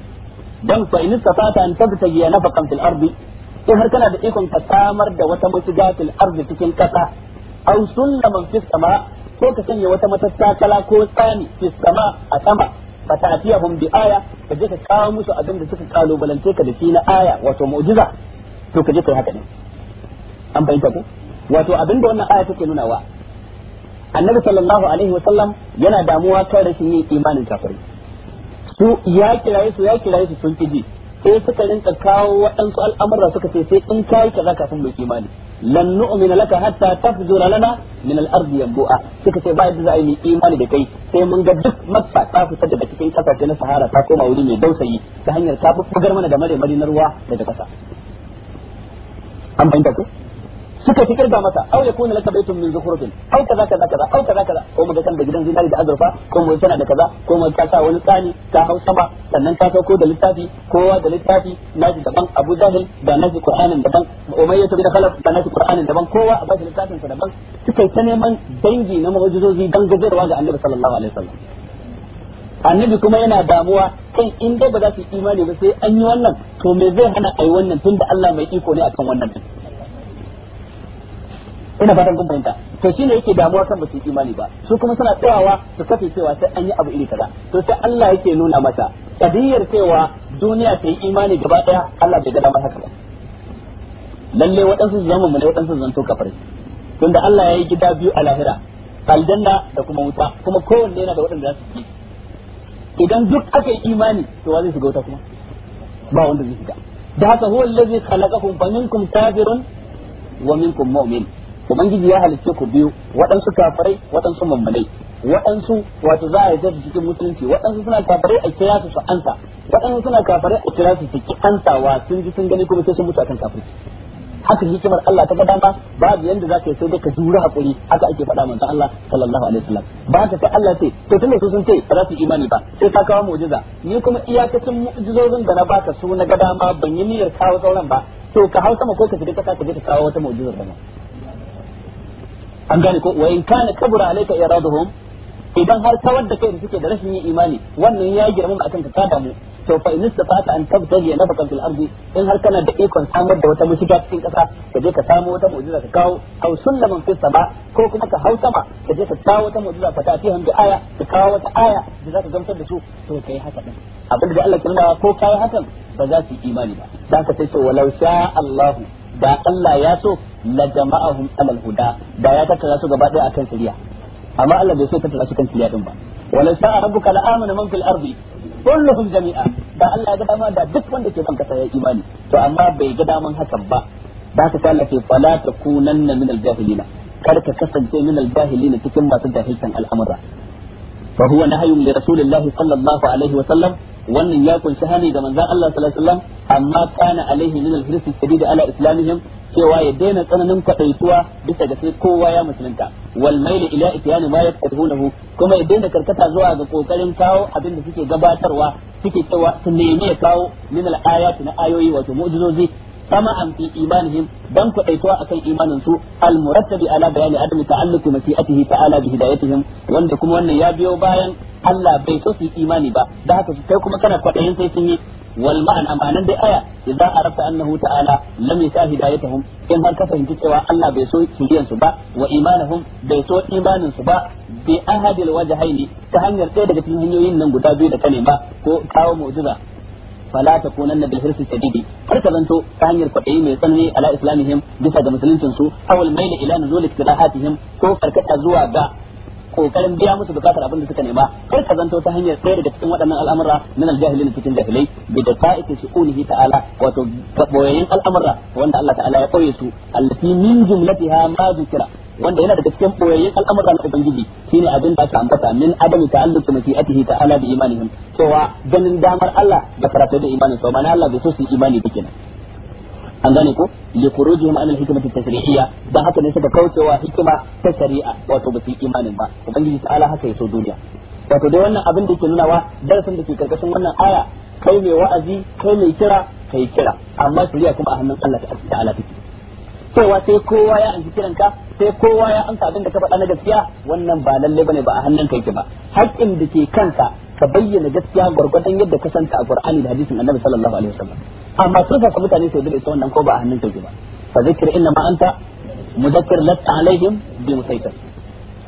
dan fa in istata an giya nafaqan fil ardi in har kana da ikon ka samar da wata mashiga fil ardi cikin kasa aw sullaman fis sama ko ka sanya wata kala ko tsani fis sama a sama fa ta'tiyahum bi aya ka je ka kawo musu abin da suka balance ka da shi na aya wato mu'jiza to ka je kai haka ne an fahimta ko wato abin da wannan aya take nuna wa annabi sallallahu alaihi wa sallam yana damuwa kan rashin yin imanin kafiri su ya kiraye su ya kiraye su sun kiji sai suka rinka kawo waɗansu al'amura suka ce sai in kai kaza kafin mai imani lan nu'mina laka hatta tafjura lana min al ardi yanbu'a suka ce ba yadda za a yi imani da kai sai mun ga duk makka ta fita daga cikin kasashe na sahara ta koma wuri mai dausayi ta hanyar ta mana da mare mari na ruwa daga kasa an bayyana ko suka fi kirga masa aw yakuna laka baytun min zukhrubin au kaza kaza kaza au kaza kaza ko mu kan da gidan zinari da azurfa ko mu tana da kaza ko mu ka sa wani tsani ka hau sama sannan ka sauko da littafi kowa da littafi naji daban Abu Jahil da naji Qur'anin daban Umayyah bin Khalaf da naji Qur'anin daban kowa a bashi littafin sa daban suka ta neman dangi na mu'jizozi dan gazarwa ga Annabi sallallahu alaihi wasallam annabi kuma yana damuwa kan in dai ba za su imani ba sai an yi wannan to me zai hana ai wannan tunda Allah mai iko ne akan wannan ina fatan kun fahimta to shine yake damuwa kan basu imani ba su kuma suna tsawawa su kafe cewa sai an yi abu iri kaza to sai Allah yake nuna mata kadiyar cewa duniya ta yi imani gaba daya Allah bai gada mata haka ba lalle waɗansu zama mu ne waɗansu zanto kafare tunda Allah ya yi gida biyu a lahira aljanna da kuma wuta kuma kowanne yana da waɗanda za su yi idan duk aka yi imani to wa zai shiga wuta kuma ba wanda zai shiga da haka huwa allazi khalaqakum faminkum kafirun wa minkum mu'min ubangiji ya halicce ku biyu waɗansu kafirai waɗansu mummunai waɗansu wato za a yi zai cikin musulunci waɗansu suna kafirai a kira su su ansa waɗansu suna kafirai a kira su su ki ansawa sun ji sun gani kuma sai sun mutu akan kafirci haka hikimar Allah ta gada ba babu yanda zaka yi sai dai ka jura haƙuri haka ake faɗa manzo Allah sallallahu alaihi wasallam ba ka sai Allah ce to tunda su sun ce ba za su imani ba sai ka kawo mu'jiza ni kuma iyakacin mu'jizozin da na baka su na gada ma ban yi niyyar kawo sauran ba to ka hau sama ko ka shiga kasa ka je ka kawo wata mu'jizar da an gane ko wa in kana kabura alayka iraduhum idan har kawar da kai da suke da rashin yin imani wannan ya girma ba akan ka ka mu to fa in istata an tabtali nafaqan fil ardi in har kana da ikon samar da wata mushiga cikin kasa ka je ka samu wata mu'jiza ka kawo aw sullaman fis sama ko kuma ka hau sama ka je ka kawo wata mu'jiza ka tafi hanbi aya ka kawo wata aya da za ka gamsar da su to kai haka din abin da Allah kirma ko kai hakan ba za su yi imani ba dan ka sai to walau sha Allahu da Allah ya so la jama'ahum alal huda da ya tattara su gaba daya akan shari'a amma Allah bai so tattara su kan shari'a din ba wala sa'a rabbuka la amana man fil ardi kulluhum jami'a da Allah ya ga dama da duk wanda ke banka sai imani to amma bai ga daman hakan ba da ka kalla ce fala kunanna min al jahilina kar ka kasance min al jahilina cikin masu jahiltan al'amura fa huwa nahyun li rasulillahi sallallahu alaihi wa sallam wannan ya kunshi hani ga manzon Allah sallallahu alaihi wasallam amma kana alaihi min al-hirsi shadid ala islamihim cewa ya daina tsananin kwaɗaituwa bisa ga sai kowa ya musulunta wal mail ila ityani ma yaqtadunahu kuma ya daina karkata zuwa ga kokarin kawo abin da suke gabatarwa suke cewa su nemi ya kawo min al-ayati na ayoyi wato mu'jizozi sama an fi imanihim dan ku daitowa akan imanin su al murattabi ala bayani adami ta'alluqi mashi'atihi ta'ala bi hidayatihim wanda kuma wannan ya biyo bayan Allah bai so imani ba da haka kai kuma kana kwadayin sai sun yi wal ma'an amanan dai aya a arafta annahu ta'ala lam yasha hidayatahum in har ka fahimci cewa Allah bai so shiriyan su ba wa imanahum bai so imanin su ba bi ahadil wajhaini ta hanyar ɗaya daga cikin hanyoyin nan guda biyu da ne ba ko kawo mu'jiza fala ta takunanna bil hirsi didi kar ka zanto ta hanyar kwaɗayi mai tsanani ala islamihim bisa ga musuluncin su awal maila ila nuzul iktirahatihim ko karkata zuwa ga kokarin biya musu bukatar abin da suka nema kai ka zanto ta hanyar ɗaya daga cikin waɗannan al'amura min aljahilin cikin jahilai bi da shi shu'unihi ta'ala wato boyayen al'amura wanda Allah ta'ala ya koye su allati min jumlatiha ma zikira wanda yana daga cikin boyayyen al'amura na ubangiji shine abin da aka ambata min adam ta'alluq mashi'atihi ta'ala bi imanihim cewa ganin damar Allah da karatu da imani sa ba Allah bai so su imani ba an gane ko li khurujihim an al-hikmah at-tashri'iyya da haka ne suka wa hikima ta shari'a wato ba su imanin ba ubangiji ta'ala haka yaso duniya wato dai wannan abin da ke nunawa darasin da ke karkashin wannan aya kai mai wa'azi kai mai kira kai kira amma shari'a kuma a hannun Allah ta'ala take cewa sai kowa ya anji kiranka sai kowa ya amsa abin da ka faɗa na gaskiya wannan ba lalle bane ba a hannun kai ba haƙƙin da ke kanka ka bayyana gaskiya gwargwadon yadda ka santa a Qur'ani da hadisin Annabi sallallahu alaihi wasallam amma sun ka mutane su da ita wannan ko ba a hannun take ba fa zikr inna ma anta mudakkir lasta alaihim bi musaitar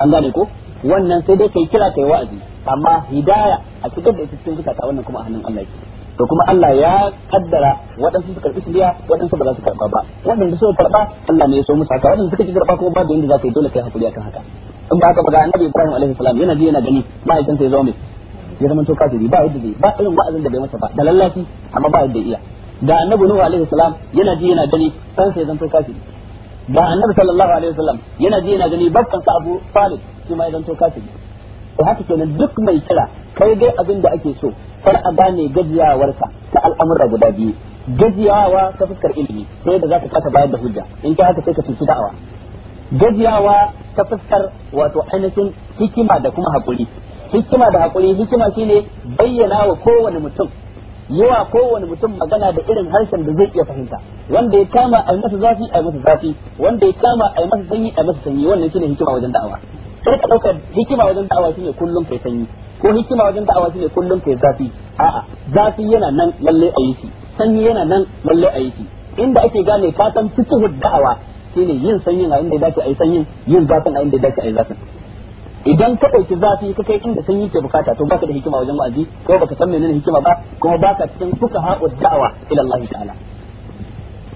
an gane ko wannan sai dai kai kira kai wa'azi amma hidaya a cikin da ita cikin zukata wannan kuma a hannun Allah yake to kuma Allah ya kaddara waɗansu su karɓi shiriya waɗansu ba za su karɓa ba waɗanda suka karɓa Allah ne ya so musu haka waɗanda suka ki karɓa kuma da yanda za ka yi dole kai hakuri akan haka in ba haka ba ga annabi Ibrahim alaihi salam yana ji yana gani mahaifinsa ya zo mai ya zama to kafiri ba yadda zai ba irin wa'azin da bai masa ba da lallaci amma ba yadda iya da annabi nuhu alaihi salam yana ji yana gani san sai zanto kafiri da annabi sallallahu alaihi wasallam yana ji yana gani babban sa abu salih shi ma ya zanto kafiri to haka kenan duk mai kira kai dai abin da ake so far a gane gajiyawarka ta al'amura guda biyu gajiyawa ta fuskar ilimi sai da zaka kasa bayar da hujja in kai haka sai ka tuntu da'awa gajiyawa ta fuskar wato ainihin hikima da kuma hakuri hikima da hakuri hikima shine bayyana wa kowane mutum yawa kowane mutum magana da irin harshen da zai iya fahimta wanda ya kama a masa zafi a masa zafi wanda ya kama a masa sanyi a masa sanyi wannan shine hikima wajen da'awa sai ka dauka hikima wajen da'awa shine kullum kai sanyi ko hikima wajen da'awa shine kullum kai zafi a'a zafi yana nan lalle a yi sanyi yana nan lalle a yi inda ake gane fatan fiqhu da'awa shine yin sanyin a inda ya dace a yi sanyin yin zafin a inda ya dace a yi zafin idan ka ɗauki zafi ka kai inda sanyi ke bukata to baka da hikima wajen wa'azi ko baka san menene hikima ba kuma baka cikin fuka ha'ud da'awa ila Allah ta'ala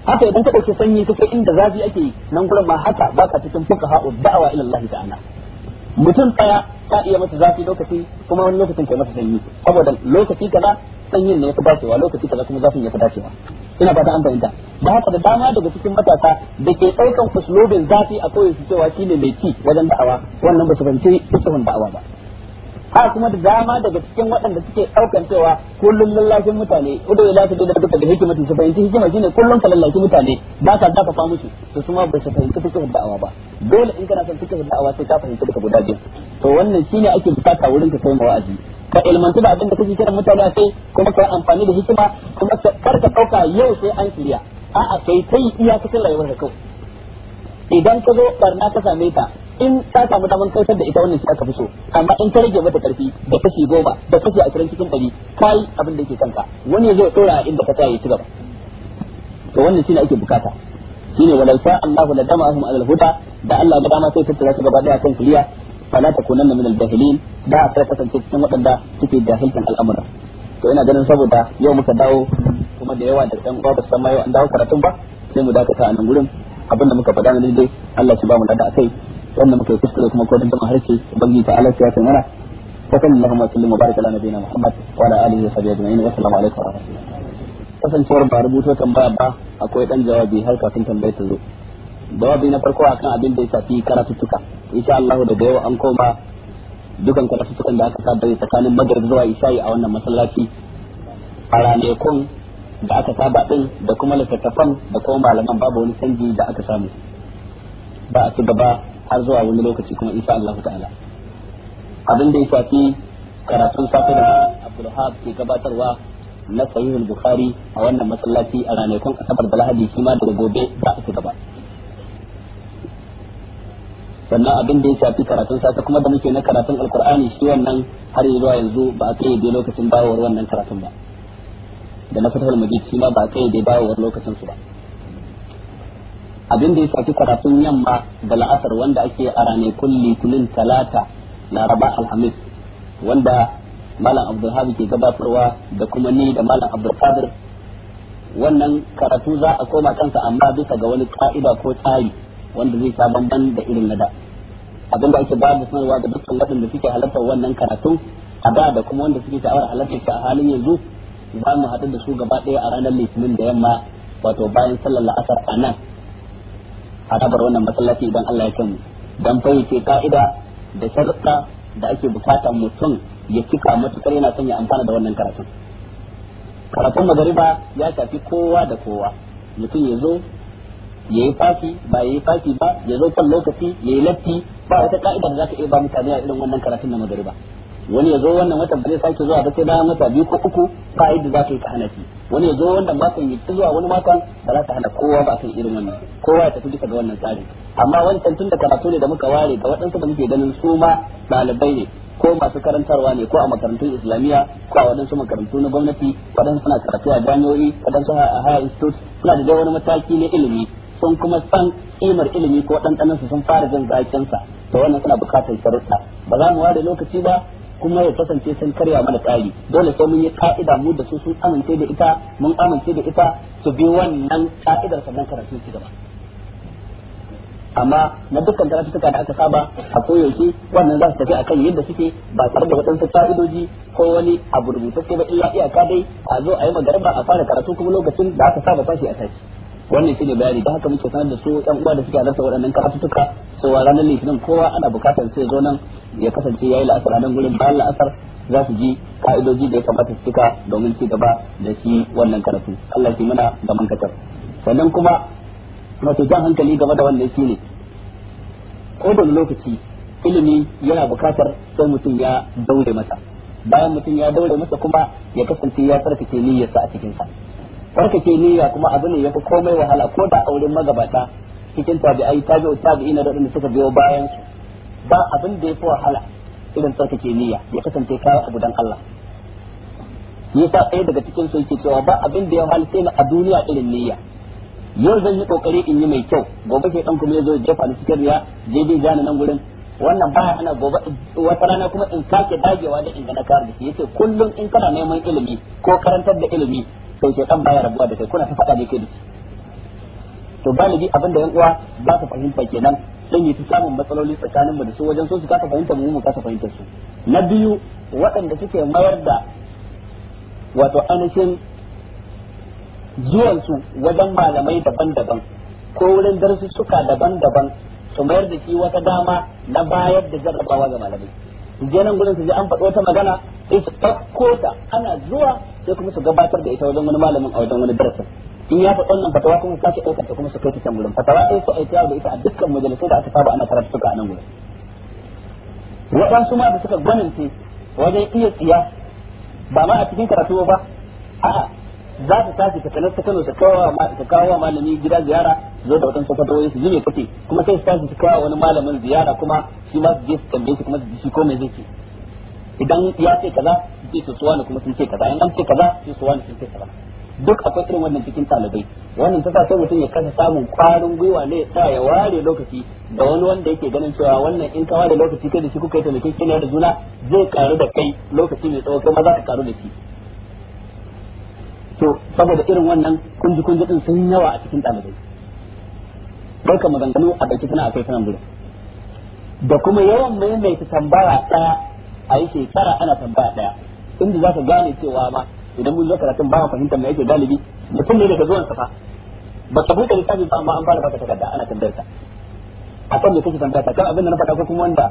haka idan ka ɗauki sanyi ka kai inda zafi ake nan gurin ma haka baka cikin fuka ha'ud da'awa ila Allah ta'ala mutum tsaya ta iya masa zafi lokaci kuma wani lokacin kai masa sanyi saboda lokaci kaza sanyin ne ya fi dacewa lokaci kaza kuma zafin ya fi dacewa ina fata an fahimta da haka da dama daga cikin matasa da ke ɗaukan uslubin zafi a su cewa shine mai ci wajen da'awa wannan ba su fahimci usulun da'awa ba ha kuma da dama daga cikin waɗanda suke ɗaukan cewa kullum lallashin mutane udu ya za da duka da hikimati su fahimci hikima shine kullum ka lallashi mutane ba ka ta fafa musu to su ma ba su fahimci fikihul da'awa ba dole in kana son fikihul da'awa sai ka fahimci duka guda biyu to wannan shine ake bukata wurin ka kai wa'azi ka ilmantu da abin da kake kiran mutane a kai kuma ka amfani da hikima kuma kar ka ɗauka yau sai an shirya a'a kai kai iya cikin rayuwar ka kawai idan ka zo barna ka same ta in ta samu damar kautar da ita wannan shi aka fi so amma in ta rage mata karfi da kashi goma da kashi ashirin cikin ɗari kai abin da yake kanka wani zai tsora inda ka tsaya ya ci gaba to wannan shine ake bukata shine walau sha Allahu la dama'ahum ala huda da Allah ga dama sai tattara su gaba daya kan kuliya fala takunanna min al-jahilin da sai kasance cikin waɗanda suke jahilcin al'amura to ina ganin saboda yau muka dawo kuma da yawa da ɗan uwa ba san ma yau an dawo karatun ba sai mu dakata a nan gurin abinda muka faɗa ne dai Allah shi ba mu da akai wannan muka kuskure kuma ko dindin harshe bangi ta Allah ya san yana wa sallallahu wa sallam baraka ala nabiyina muhammad wa ala alihi wa sahbihi ajma'in wa assalamu alaikum wa rahmatullahi kasancewar ba rubuto kan ba ba akwai dan jawabi har kafin tambayar ta zo jawabi na farko akan abin da ya shafi karatuttuka insha Allah da yau an koma dukan karatuttukan da aka saba tsakanin magrib zuwa isha'i a wannan masallaci a ranakun da aka saba din da kuma littattafan da kuma malaman babu wani canji da aka samu ba a ci gaba har zuwa wani lokaci kuma insha Allah ta'ala abin da ya shafi karatun safe da Abdulhab ke gabatarwa na sahihul bukhari a wannan masallaci a ranakun asabar da lahadi shi ma da gobe za a gaba sannan abin da ya shafi karatun safe kuma da muke na karatun alkur'ani shi wannan har zuwa yanzu ba a kai da lokacin bawowar wannan karatun ba da na fitar majid shi ma ba a kai da bawowar lokacin su ba abin da ya shafi karatun yamma da la'asar wanda ake a ranakun litinin talata na raba alhamis wanda malam abdulhabi ke gabatarwa da kuma ni da malam abdulkadir wannan karatu za a koma kansa amma bisa ga wani ka'ida ko tsari wanda zai sa banban da irin na da abin da ake babu sanarwa ga dukkan waɗanda suke halartar wannan karatu a da da kuma wanda suke sha'awar halartar shi a halin yanzu za mu haɗu da su gaba ɗaya a ranar litinin da yamma wato bayan sallar la'asar a nan a tabar wannan masallaci idan Allah ya kai mu dan ce ka'ida da sharuɗa da ake bukata mutum ya cika matukar yana son ya amfana da wannan karatun karatun magariba ya shafi kowa da kowa mutum ya zo ya yi fasi ba ya yi fasi ba ya zo kan lokaci ya yi latti ba wata ka'ida da za ka iya ba mutane a irin wannan karatun na magariba wani ya zo wannan watan ba zai sake zuwa ba sai bayan wata biyu ko uku ba da za ka yi ka hana wani ya zo wannan watan ya zuwa wani watan ba za ka hana kowa ba kan irin wannan kowa ya tafi duka da wannan tsari amma wancan tun da karatu ne da muka ware ga waɗansu da muke ganin su ma ɗalibai ne ko masu karantarwa ne ko a makarantun islamiyya ko a waɗansu makarantu na gwamnati waɗansu suna karatu a jami'o'i waɗansu a haya institute suna da wani mataki na ilimi sun kuma san kimar ilimi ko ɗanɗanansu sun fara jin zaƙinsa to wannan suna buƙatar sharuɗa ba za mu ware lokaci ba kuma ya kasance sun karya mana tsari dole sai mun yi ka'ida mu da su sun amince da ita mun amince da ita su bi wannan ka'idar sannan karatu ci gaba amma na dukkan karatuka da aka saba a koyaushe wannan za su tafi akan yadda suke ba tare da waɗansu ka'idoji ko wani abu rubutacce ba illa iyaka dai a zo a yi ba a fara karatu kuma lokacin da aka saba fashi a tashi wannan ne bayani da haka muke sanar da su yan uwa da suke rasa waɗannan kafatuka cewa ranar litinin kowa ana bukatar sai zo nan ya kasance yayi la'asar a nan gurin bayan la'asar za su ji ka'idoji da ya kamata su cika domin ci gaba da shi wannan karatu Allah ya mana da mankatar sannan kuma wato jan hankali game da wannan ne ko da lokaci ilimi yana bukatar sai mutum ya daure masa bayan mutum ya daure masa kuma ya kasance ya tsarkake niyyarsa a cikin sa tsarkake niyya kuma abu ne yafi komai wahala ko da auren magabata cikin tabi'ai tabi'u tabi'ina da wadanda suka biyo bayan su ba abin da yafi wahala irin tsarkake niyya ya kasance kai abu dan Allah yasa ɗaya daga cikin su yake cewa ba abin da ya wahala sai a duniya irin niyya yau zan yi kokari in yi mai kyau gobe sai dan kuma ya zo jefa ni cikin riya je bi gane nan gurin wannan baya ana gobe wata rana kuma in sake dagewa da in na kar da shi yace kullum in kana neman ilimi ko karantar da ilimi ke dan baya rabuwa da kai kuna ta faɗa ne kai to galibi abin da yan uwa ba su fahimta kenan sun yi ta samun matsaloli tsakanin mu da su wajen so su kasa fahimta mu mu kasa fahimta su na biyu waɗanda suke mayar da wato zuwan zuwansu wajen malamai daban-daban ko wurin suka daban-daban su mayar da shi wata dama na bayar da jarrabawa ga malamai su je nan gudun su je an faɗo ta magana sai su ɗauko ta ana zuwa sai kuma su gabatar da ita wajen wani malamin a wajen wani darasin in ya faɗa wannan fatawa kuma ka ce ta kuma su kai ta can gurin fatawa ɗaya su aita da ita a dukkan majalisun da aka saba ana karatu suka a nan gurin waɗansu ma da suka gwanince wajen iya tsiya ba ma a cikin karatu ba a'a za ta tashi ta kanar ta kano ta kawo wa malami gida ziyara zo da waɗansu fatawoyi su ji me kake kuma sai su tashi su kawo wani malamin ziyara kuma shi ma su je su tambaye shi kuma su ji shi ko me zai ce idan ya ce kaza ce su suwa kuma sun ce kaza in an ce kaza su suwa sun ce kaza duk akwai irin wannan cikin talibai wannan ta sa sai mutum ya kasa samun kwarin gwiwa ne ya sa ya ware lokaci da wani wanda yake ganin cewa wannan in ka ware lokaci kai da shi kuka yi taimakekeniya da juna zai karu da kai lokaci mai tsawo kai za ka karu da shi to saboda irin wannan kunji kunji din sun yawa a cikin ɗalibai barka maganganu a ɗauki tana akai sanan gurin da kuma yawan maimaita tambaya ɗaya a yi shekara ana tambaya ɗaya inda za ka gane cewa ma idan mun zo karatun ba fahimtar me yake galibi mutum ne daga zuwan safa ba ka buɗe littafin ba amma an fara baka takarda ana tambayar ka kan me kake tambaya kan abin da na faɗa ko kuma wanda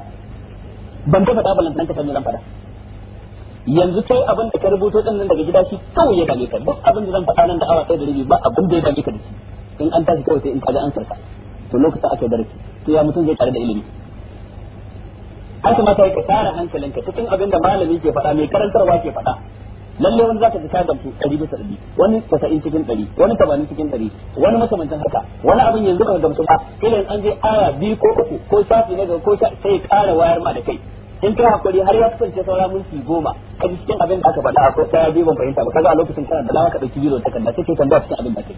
ban ta faɗa ba lantan ka sani zan faɗa yanzu kai abin da ka rubuto din nan daga gida shi kawai ya dame ka duk abin da zan faɗa nan da awa ɗaya da rabi ba abin da ya dame ka da shi in an tashi kawai sai in kaji an sarka to lokacin aka yi darasi to ya mutum zai tare da ilimi an sai ka tsara hankalinka cikin abin da malami ke faɗa mai karantarwa ke faɗa lalle wani zaka ji ka gamsu ɗari bisa ɗari wani tasa'in cikin ɗari wani tamanin cikin ɗari wani makamancin haka wani abin yanzu kan gamsu ba kila an je aya biyu ko uku ko safi na ko sai ƙara wayar ma da kai in kai hakuri har ya kusance saura minti goma a cikin abin da aka faɗa a ko ɗaya biyu ban fahimta ba kaga a lokacin kana da lawa ka ɗauki biyu da takarda sai ke tambaya cikin abin da kai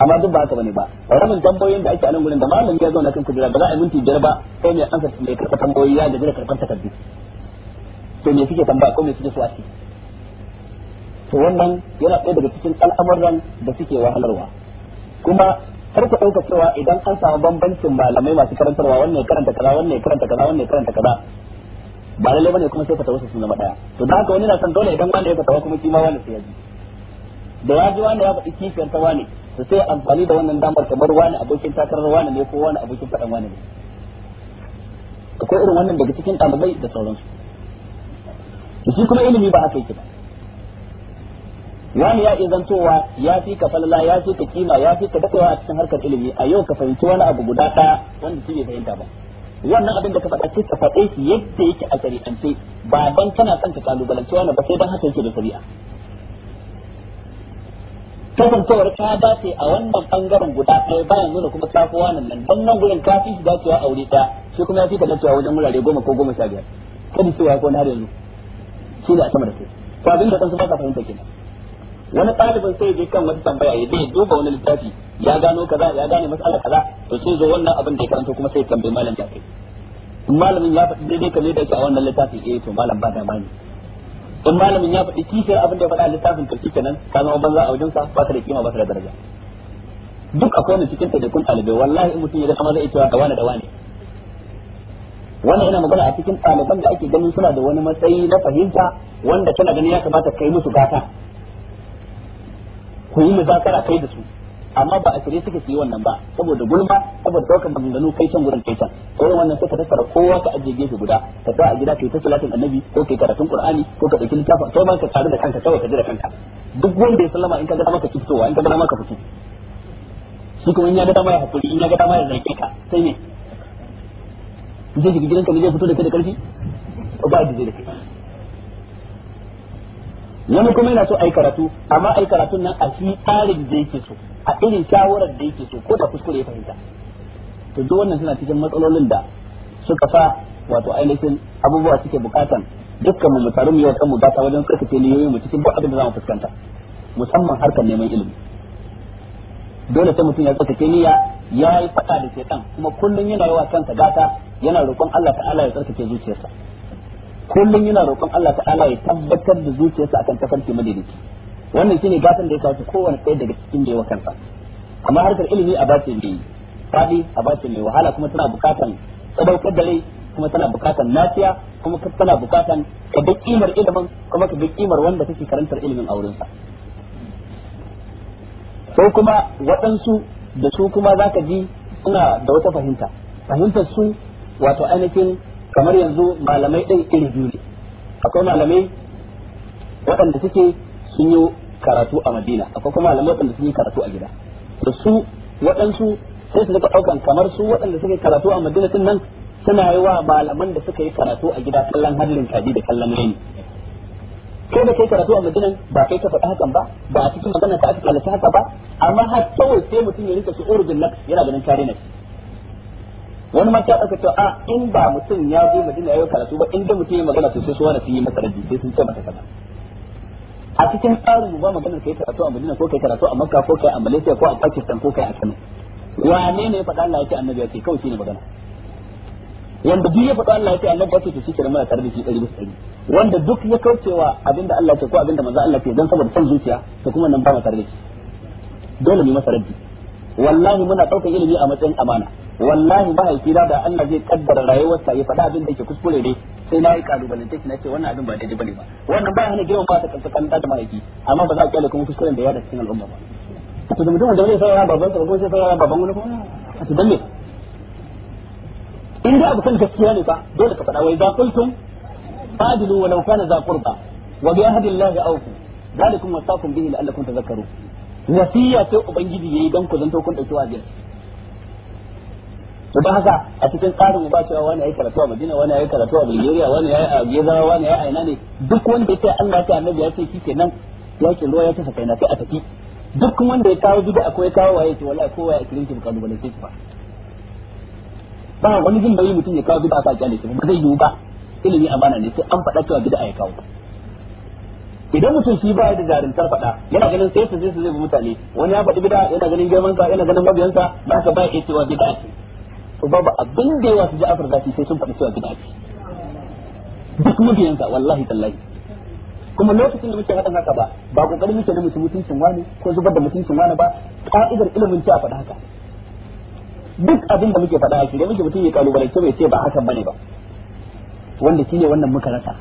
amma duk ba haka bane ba ramin tambayoyin da ake a nan gurin da malamin ya zauna kan kujera ba za a minti biyar ba sai mai ansa mai karɓar tambayoyi ya gaji da karɓar takardu to mai kike tambaya ko me kike so a to wannan yana ɗaya daga cikin al'amuran da suke wahalarwa kuma kar ku ɗauka cewa idan an samu bambancin malamai masu karantarwa wannan ya karanta kaza wannan ya karanta kaza wannan ya karanta kaza ba lalle bane kuma sai ka wasu suna zama daya to da haka wani na san dole idan wanda ya fatawa kuma kima wani sai ya ji da ya ji wanda ya faɗi kishiyar ta wani su sai amfani da wannan damar kamar wani abokin takarar wani ne ko wani abokin faɗan wani ne akwai irin wannan daga cikin ɗalibai da sauransu shi kuma ilimi ba aka yi ba wani ya izantowa ya fi ka falala ya fi ka kima ya fi ka dadewa a cikin harkar ilimi a yau ka fahimci wani abu guda ɗaya wanda shi bai fahimta ba wannan abin da ka faɗa kika faɗe shi yadda yake a shari'ance ba dan kana son ka kalubalanci wani ba sai dan haka yake da shari'a kasancewar ta dace a wannan bangaren guda ɗaya bayan nuna kuma ka fi wannan nan don nan gurin ka fi shi dacewa a wuri ɗaya shi kuma ya fi ka dacewa wajen wurare goma ko goma sha biyar kada su ya na har yanzu shi ne a sama da su to abin da kansu ba ka fahimta kenan wani ɗalibin sai je kan wata tambaya ya zai duba wani littafi ya gano kaza ya gane mas'ala kaza to sai zo wannan abin da ya karanto kuma sai tambayi malam ya kai malamin ya faɗi daidai kamar da ke a wannan littafi eh to malam ba da mani in malamin ya faɗi kishiyar abin da ya faɗa a littafin turki kenan ka zama banza a wajensa ba ta da kima ba ta da daraja duk akwai wani cikin ɗaiɗaikun ɗalibai wallahi in mutum ya ga kama zai cewa da wani da wani wannan ina magana a cikin ɗaliban da ake ganin suna da wani matsayi na fahimta wanda tana ganin ya kamata kai musu gata ku yi muzakara kai da su amma ba a shirye suke su yi wannan ba saboda gulma saboda daukar maganganu kai can gurin kai can sauran wannan sai ka tattara kowa ka ajiye gefe guda ka sa a gida kai ta salatin annabi ko kai karatun qur'ani ko ka dauki littafin kai ma ka tsare da kanka kawai ka jira kanka duk wanda ya sallama in ka ga maka kiftowa in ka ga maka fito shi kuma in ya ga dama ya hakuri in ya ga dama ya zarge ka sai ne zai shiga gidan ne zai fito da kai da karfi ba da zai da kai wani kuma yana so yi karatu amma yi karatun nan a fi tsarin da yake so a irin shawarar da yake so ko da kuskure ya fahimta to duk wannan suna cikin matsalolin da suka sa wato ainihin abubuwa suke bukatan dukkan mu taru mu yau kan mu ta wajen tsarkake niyoyin mu cikin duk abin da zamu fuskanta musamman harkar neman ilimi dole sai mutum ya tsarkake niyya ya yi fada da shaitan kuma kullum yana yawa kansa gata yana roƙon Allah ta'ala ya tsarkake zuciyarsa kullum yana roƙon Allah ta'ala ya tabbatar da zuciyarsa akan tafarki madaidaici wannan shine gatan da ya kawo kowanne ɗaya daga cikin da ya kansa amma harkar ilimi a bacin mai faɗi a bacin mai wahala kuma tana bukatan sadaukar da rai kuma tana bukatan lafiya kuma tana bukatan ka bi kimar ilimin kuma ka bi kimar wanda kake karantar ilimin a wurinsa. sai kuma waɗansu da su kuma za ka ji suna da wata fahimta fahimtar su wato ainihin kamar yanzu malamai ɗin iri biyu ne akwai malamai waɗanda suke sun yi karatu a Madina akwai kuma malamai waɗanda suke karatu a gida da su waɗansu sai su ɗaukan kamar su waɗanda suke karatu a Madina din nan suna yi wa malaman da suka yi karatu a gida kallon hallin kaji da kallon reni kai da kai karatu a Madina ba kai ka faɗi hakan ba ba a cikin magana ta aka kallata haka ba amma har kawai sai mutum ya rinka su bin nafs yana ganin kare nafs wani ma ta ɗauka cewa a in ba mutum ya zo Madina ya yi karatu ba in da mutum ya magana to sai su wani sun yi masa raji sai sun ce mata kaza a cikin tsarin ba maganar kai karatu a Madina ko kai karatu a Makka ko kai a Malaysia ko a Pakistan ko kai a Kano wane ne ya faɗa Allah yake annabi yake kawai shine magana wanda duk ya faɗa Allah yake annabi yake shi kenan muna tare da shi ɗari bisa ɗari wanda duk ya kaucewa abinda Allah yake ko abinda manzo Allah yake dan saboda son zuciya to kuma nan ba mai tare dole mu masa raddi wallahi muna ɗaukar ilimi a matsayin amana wallahi mahaifina da Allah zai kaddara rayuwarsa ya faɗa abin da yake kuskure ne sai na yi kalubalance shi na ce wannan abin ba daidai bane ba wannan ba hana girman ba ta kansa kanta da mahaifi amma ba za a kyale kuma kuskuren da ya da cikin al'umma ba to da mutum da zai saurara baban sa ko sai saurara baban wani kuma a to danne in da abu kan gaskiya ne fa dole ka faɗa wai za kultum fadilu walau kana za qurba wa bi ahdillahi awfu zalikum wasaqum bihi la'allakum tadhakkarun wasiya sai ubangiji yayi dan ku zanto kun dauki wajin to ba haka a cikin tsarin ba cewa wani yayi karatu a Madina wani yayi karatu a Bulgaria wani yayi a Gezawa wani yayi a ina ne duk wanda yake Allah ya ce annabi ya ce nan yake ruwa ya tafi kaina sai a tafi duk wanda ya kawo bid'a akwai kawo waye ce wallahi kowa ya kirin ki bukalu bane sai ba ba wani jin bai mutum ya kawo bid'a sa kyale shi ba zai yiwu ba ilimi amana ne sai an faɗa cewa bid'a ya kawo idan mutum shi ba da jarumtar faɗa yana ganin sai su zai su zai mutane wani ya faɗi bid'a yana ganin girman sa yana ganin mabiyansa ba ka ba ya cewa bid'a ce su babu abin da yawa su ji afar zafi sai sun faɗi cewa gida ce duk mabiyansa wallahi tallahi kuma lokacin da muke haɗin haka ba ba ƙoƙarin muke na mutum mutuncin wani ko zubar da mutuncin wani ba ƙa'idar ilimin a faɗa haka duk abin da muke faɗa haka da muke mutum ya kalubalance bai ce ba hakan bane ba wanda shine wannan muka rasa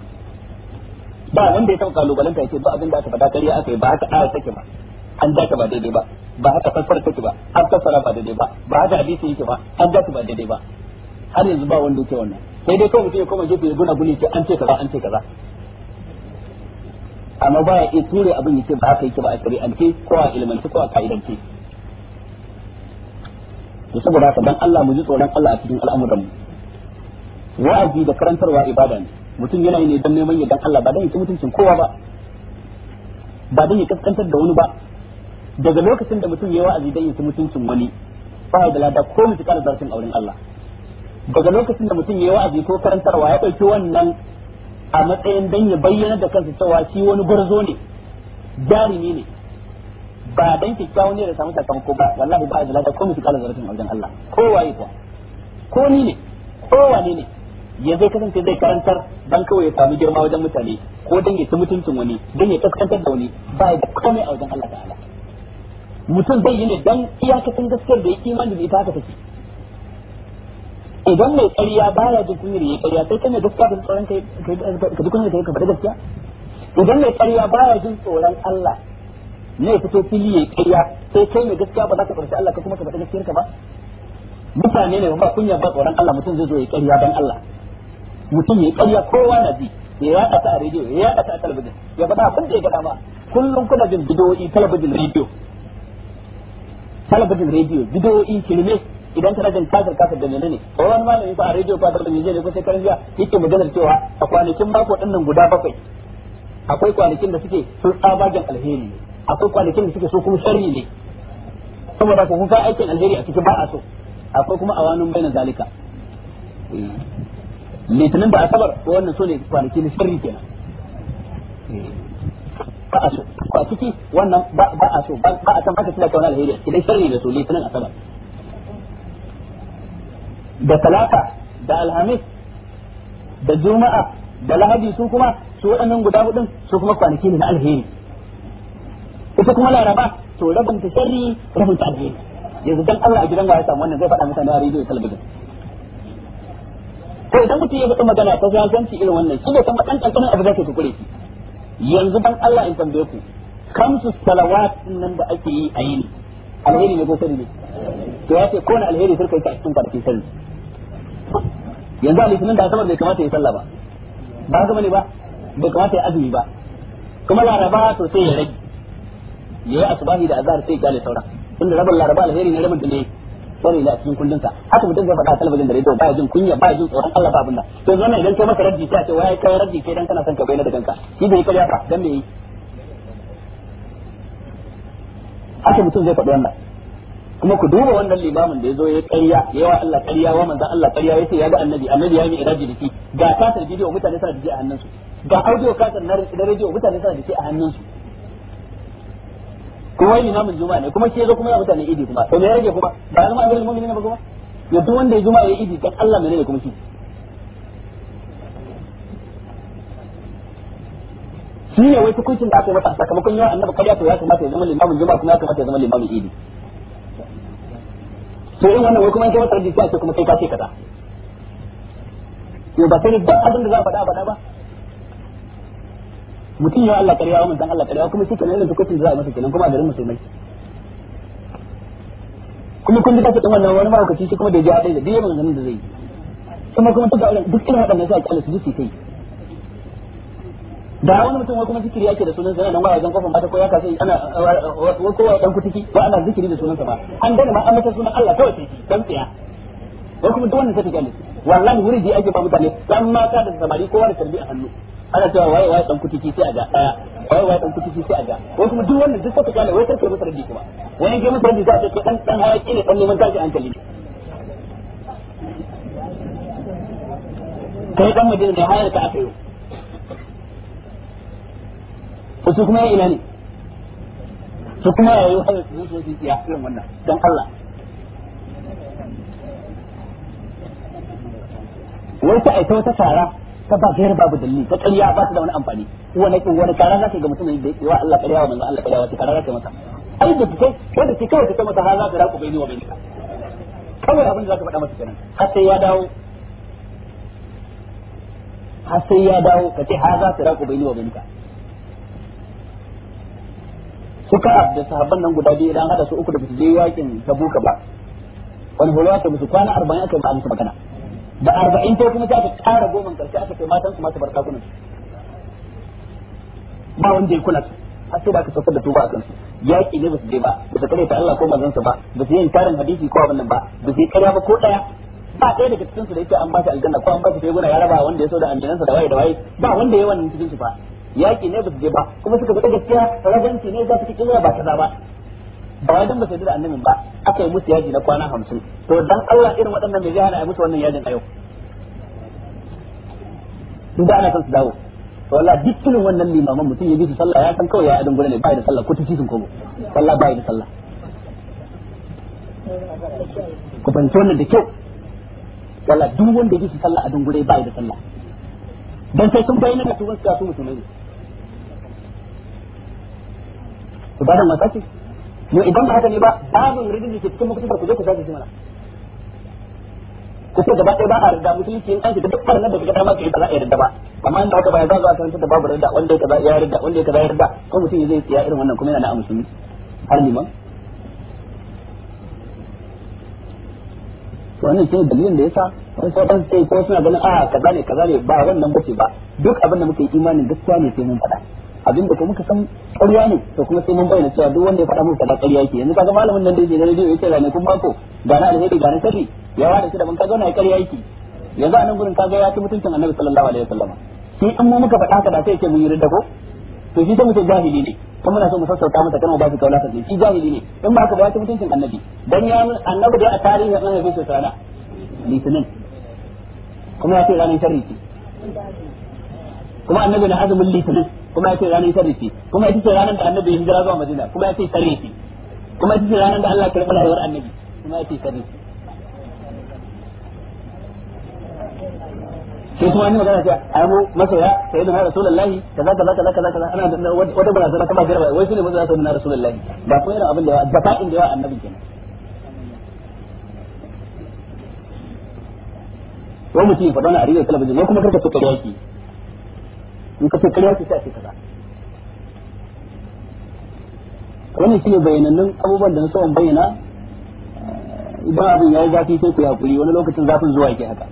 ba wanda ya taɓa kalubalanta ya ce ba abin da aka faɗa ƙarya aka yi ba aka aya take ba an ka ba daidai ba ba haka fassar take ba an fassara ba daidai ba ba haka hadisi yake ba an daka ba daidai ba har yanzu ba wanda yake wannan sai dai kawai mutum ya koma guna guni ce an ce kaza an ce kaza amma ba ya iya ture abin ya ce ba haka yake ba a shari'ance ko a ilmance ko a ka'idance to saboda haka dan Allah mu ji tsoron Allah a cikin al'amuran mu wa'azi da karantarwa ibada ne mutum yana yi ne dan neman yadda dan Allah ba dan ya mutuncin kowa ba ba dan ya kaskantar da wani ba daga lokacin da mutum ya wa'azi dan yace mutuncin wani ba da lada ko mu tsara zartin auren Allah daga lokacin da mutum ya wa'azi ko karantarwa ya ɗauki wannan a matsayin dan ya bayyana da kansa cewa shi wani gurzo ne jarumi ne ba dan kikkiawa ne da samu sakamako ba wallahi ba da lada ko mu tsara zartin auren Allah ko waye ko ko ni ne ko wane ne ya zai kasance zai karantar dan kawai ya samu girma wajen mutane ko dan ya ci mutuncin wani dan ya kaskantar da wani ba da komai a wajen Allah ta'ala mutum zai yi ne dan iyakacin gaskiyar da ya imani da ita ka take idan mai ƙarya baya jin kunyar ya ƙarya sai kana gaskiya da tsoron kai ka ji kunyar kai ka faɗi gaskiya idan mai ƙarya baya jin tsoron Allah ne fito fili ya ƙarya sai kai mai gaskiya ba za ka ƙarshe Allah ka kuma ka faɗi gaskiyar ka ba mutane ne ba kunya ba tsoron Allah mutum zai zo ya ƙarya dan Allah mutum ya ƙarya kowa na ji ya yaɗa ta a rediyo ya yaɗa ta a talabijin ya faɗa abin da ya faɗa ma kullum kuna jin bidiyoyi talabijin rediyo talabijin rediyo bidiyoyi shirme idan kana jin kasar kasar da menene ko wani malami ko a rediyo ko a talabijin ne ko sai kan jiya yake maganar cewa a kwanakin mako din nan guda bakwai akwai kwanakin da suke sun tsabagen alheri ne akwai kwanakin da suke so kuma sharri ne kuma da kuka aikin alheri a cikin ba a so akwai kuma a wani bayan zalika eh. litinin da asabar wannan so ne kwanaki na sharri kenan eh. ba a so ko a ciki wannan ba ba a so ba a san ta tilaka wani alheri idan sharri da soli tunan asabar. da talata da alhamis da juma'a da lahadi su kuma su waɗannan guda hudun su kuma kwanaki ne na alheri ita kuma laraba to rabanta ta sharri rabin ta alheri yanzu dan Allah a gidan ya samu wannan zai faɗa mutane a rediyo talabijin ko idan mutum ya faɗi magana ta zanci irin wannan shi ne san ba ɗan ƙanƙanin abu zai ka kukure shi yanzu ban Allah in tambaye ku kam su salawat nan da ake yi a yini alheri ne ko sani ne to ya ce ko na alheri sai kai ka cikin farki sani yanzu alheri da asabar bai kamata ya sallah ba ba ga bane ba bai kamata ya azumi ba kuma laraba to sai ya rage yayi asbahi da azhar sai ya gane sauran inda rabin laraba alheri ne rabin da ne sani ne a cikin kundin sa haka mutum zai faɗa talabijin da rediyo baya jin kunya baya jin tsoron Allah ba abin nan to zo idan kai maka raddi sai ce wai kai raddi kai dan kana son ka bayyana da kanka shi bai kariya ba dan me yi haka mutum zai faɗi wannan kuma ku duba wannan limamin da ya zo ya ƙarya ya wa Allah ƙarya wa manzon Allah ƙarya ce ya ga annabi annabi ya yi iraji da shi ga kasar bidiyo mutane suna da shi a hannunsu ga audio kasar na rediyo mutane suna da shi a hannunsu ko wai limamin juma'a ne kuma shi yazo kuma ya mutane idi kuma to me ya rage kuma ba zama amirin mu'minin ba kuma ya duk wanda ya juma'a ya idi kan Allah ne kuma shi shi ne wai hukuncin da aka yi masa sakamakon yawan annabi kariya to ya kamata ya zama limamin juma'a kuma ya kamata ya zama limamin idi to in wannan wai kuma in kai masa rajin sai kuma kai ka ce kaza to ba sai ba abin da za a faɗa a faɗa ba mutum ya Allah karyawa mun san Allah karyawa kuma shi kenan irin tukucin da za a masa kenan kuma a garin musulmai kuma kun ji kafin wannan wani mahaukaci shi kuma da ya ji da biyan ganin da zai kuma kuma duk auren duk irin waɗannan sai a kyale su ji sai da wani mutum wai kuma zikiri yake da sunan sa wa waya zan kofin bata ko ya kasa ana wai kowa dan kutiki ba ana zikiri da sunan sa ba an dana ma an mata sunan Allah kawai sai dan tsaya wai kuma duk wannan sai ta kyale wallahi wuri ji ake ba mutane dan mata da samari kowa da tarbi hannu ana cewa waye waye dan kutuci sai a ga daya eh, waye waye dan kutuci sai a ga ko kuma duk wannan duk saka kana wai karke masa raddi kuma wai ke masa raddi za a ce dan dan hayaki ne dan neman tashi hankali ne kai dan madina da hayar ka aka yi su kuma ina ne su kuma yayi wannan su zo su ya irin wannan dan Allah wai ta aita wata tara ta ba gaira babu dalili ta ƙarya ba ta da wani amfani wani wani kara za ka ga mutum da yake wa Allah ƙarya wa manzo Allah ƙarya wa ta kara za ka masa ai da kai wanda ke kawai ta masa har za ka raku bai ni wa bai kawai abin da za ka faɗa masa kenan har sai ya dawo har sai ya dawo ka ce har za ka raku bai ni wa bai suka da sahabban nan guda biyu idan hada su uku da su je yakin tabuka ba wani hulwa ta musu kwana 40 aka yi ba a musu magana da arba'in ko kuma sai ta ƙara goma karshe aka ce matan su masu barka kuna ba wanda ya kula su har sai ba ka saukar da tuba a kansu yaƙi ne ba su je ba ba su kare ta Allah ko manzansa ba ba su yi tarin hadisi ko abin nan ba ba su yi ƙarya ba ko ɗaya ba ɗaya daga cikin su da yake an ba shi aljanna ko an ba shi teguna ya raba wanda ya so da anjinansa da waye da waye ba wanda ya wannan cikin su ba yaƙi ne ba su je ba kuma suka faɗa gaskiya ragance ne za su ci ba kaza ba ba wai dan ba sai da annabin ba aka yi musu yaji na kwana 50 to dan Allah irin waɗannan mai hana a musu wannan yajin a yau in da ana son su dawo to Allah duk irin wannan limaman mutum ya bi su sallah ya san kawai ya adon gure ne bai da sallah ko tafi sun komo sallah bai da sallah ku fahimci wannan da kyau wala duk wanda ya bi su sallah adon gure bai da sallah dan sai sun bayyana da tuban su musulmai ne to ba da mataki. mu idan ba haka ne ba babin ridin ke cikin mutum ku zo ku sake shi mana ku ce gaba ɗaya ba a rida musulunci in an shiga duk farnar da kaga dama ke yi ba za a yarda ba amma inda haka baya za a san da babu rida wanda kaza ya rida wanda kaza ya rida ko mutum zai tsaya irin wannan kuma yana na musulmi har liman to wannan ne dalilin da yasa wani sauran sai ko suna ganin a ah, kaza ne kaza ne ba wannan bace ba duk abin da muke imanin gaskiya ne sai mun faɗa abin da kuma muka san ƙarya ne to kuma sai mun bayyana cewa duk wanda ya faɗa muku kaza ƙarya yake yanzu kaga malamin nan da yake na rediyo yake ne kun bako ga na alheri ga na sharri ya wada shi da mun kaga wannan ƙarya yake yanzu a nan gurin kaga ya ci mutuncin annabi sallallahu alaihi wasallam shi in mu muka faɗa haka da sai yake mun yi ko to shi ta mutum jahili ne kuma na so mu sassauta masa kana ba shi kaula sai shi jahili ne in ba ka ba ci mutuncin annabi dan ya annabi da a tarihi an haife shi sana litinin kuma ya ce ranar sharri ce kuma annabi na azumin litinin kuma ya ce ranar sarrafi kuma ya ce ranar da annabi hijira zuwa madina kuma ya ce sarrafi kuma ya ce ranar da Allah ya karɓi rayuwar annabi kuma ya ce sarrafi sai kuma wani magana ce ai mu masoya sai da rasulullahi kaza kaza kaza kaza kaza ana da wata barazana ta bagira wai shine masoya sai da rasulullahi ba ko irin abin da yawa jafa'in da yawa annabi kenan wani mutum ya faɗa wani a rediyo talabijin ne kuma karka tuka yaki in ka ce ƙarya ce sai a ce ne wannan shine bayanannun abubuwan da na tsawon bayyana idan abin ya yi zafi sai ku yaƙuri wani lokacin zafin zuwa ke haka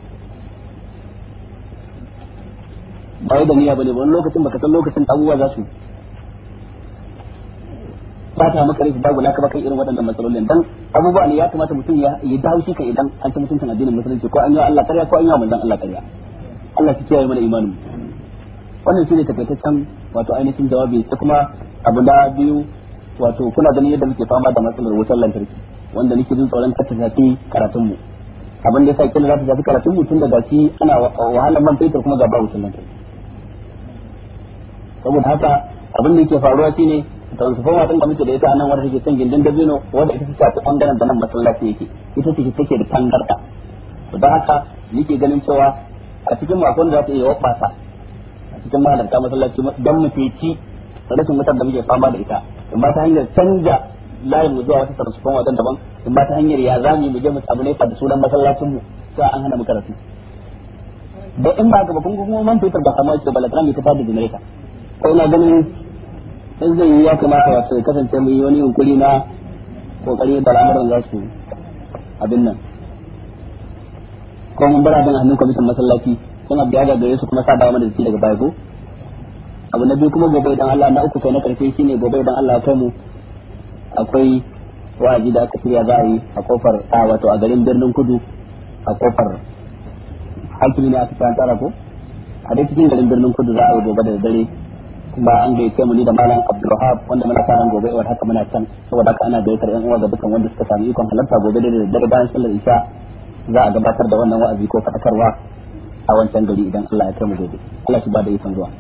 ba wai da niyya bane ba wani lokacin baka san lokacin abubuwa za su ba ta maka rashi babu laka kai irin waɗannan matsalolin dan abubuwa ne ya kamata mutum ya yi shi ka idan an ta mutuncin addinin musulunci ko an yi Allah ƙarya ko an yi manzon Allah ƙarya Allah shi kiyaye mana imanin mu wannan ne takaitaccen wato ainihin jawabi ta kuma abu da biyu wato kuna ganin yadda muke fama da matsalar wutar lantarki wanda nake jin tsoron ta shafi karatun mu abin da yasa kila za ta karatun mu tun da gashi ana wahalar man fetur kuma ga ba wutar lantarki saboda haka abin da yake faruwa shine transformer din da muke da ita a nan wanda take son gindin dabino wanda ita ta shafi bangaren da nan masallaci yake ita ce take da tangarda don haka nake ganin cewa a cikin makon da za ta iya wabasa cikin mahalarta masallaci don mu feci rashin mutar da muke fama da ita in ba ta hanyar canja layin mu zuwa wata sarrafa wajen daban in ba ta hanyar ya zamu mu je mu abu ne da sunan masallacin mu sai an hana mu karatu da in ba gaba kun kuma man fitar ba kamar ce balatra mai tafi da generator ko na ganin in zai yi ya kamata wato ya kasance mu yi wani yunkuri na kokari da al'amuran za su abin nan ko mun bar abin hannun kwamitin masallaci sun abu ya gagare su kuma sa dawo mana da shi daga baya ko abu na biyu kuma gobe dan Allah na uku kai na karshe shine gobe dan Allah ya mu akwai wa'azi da aka shirya za a yi a kofar a wato a garin birnin kudu a kofar hakimi ne aka tsaya tsara ko a dai cikin garin birnin kudu za a yi gobe da dare kuma an gaice mu ni da malam Abdulrahab wanda muna fara gobe wa haka muna can saboda haka ana gaitar yan uwa ga dukkan wanda suka sami ikon halarta gobe da dare bayan sallar isha za a gabatar da wannan wa'azi ko fadakarwa a wancan gari idan Allah ya kai mu gobe Allah shi ba da ikon zuwa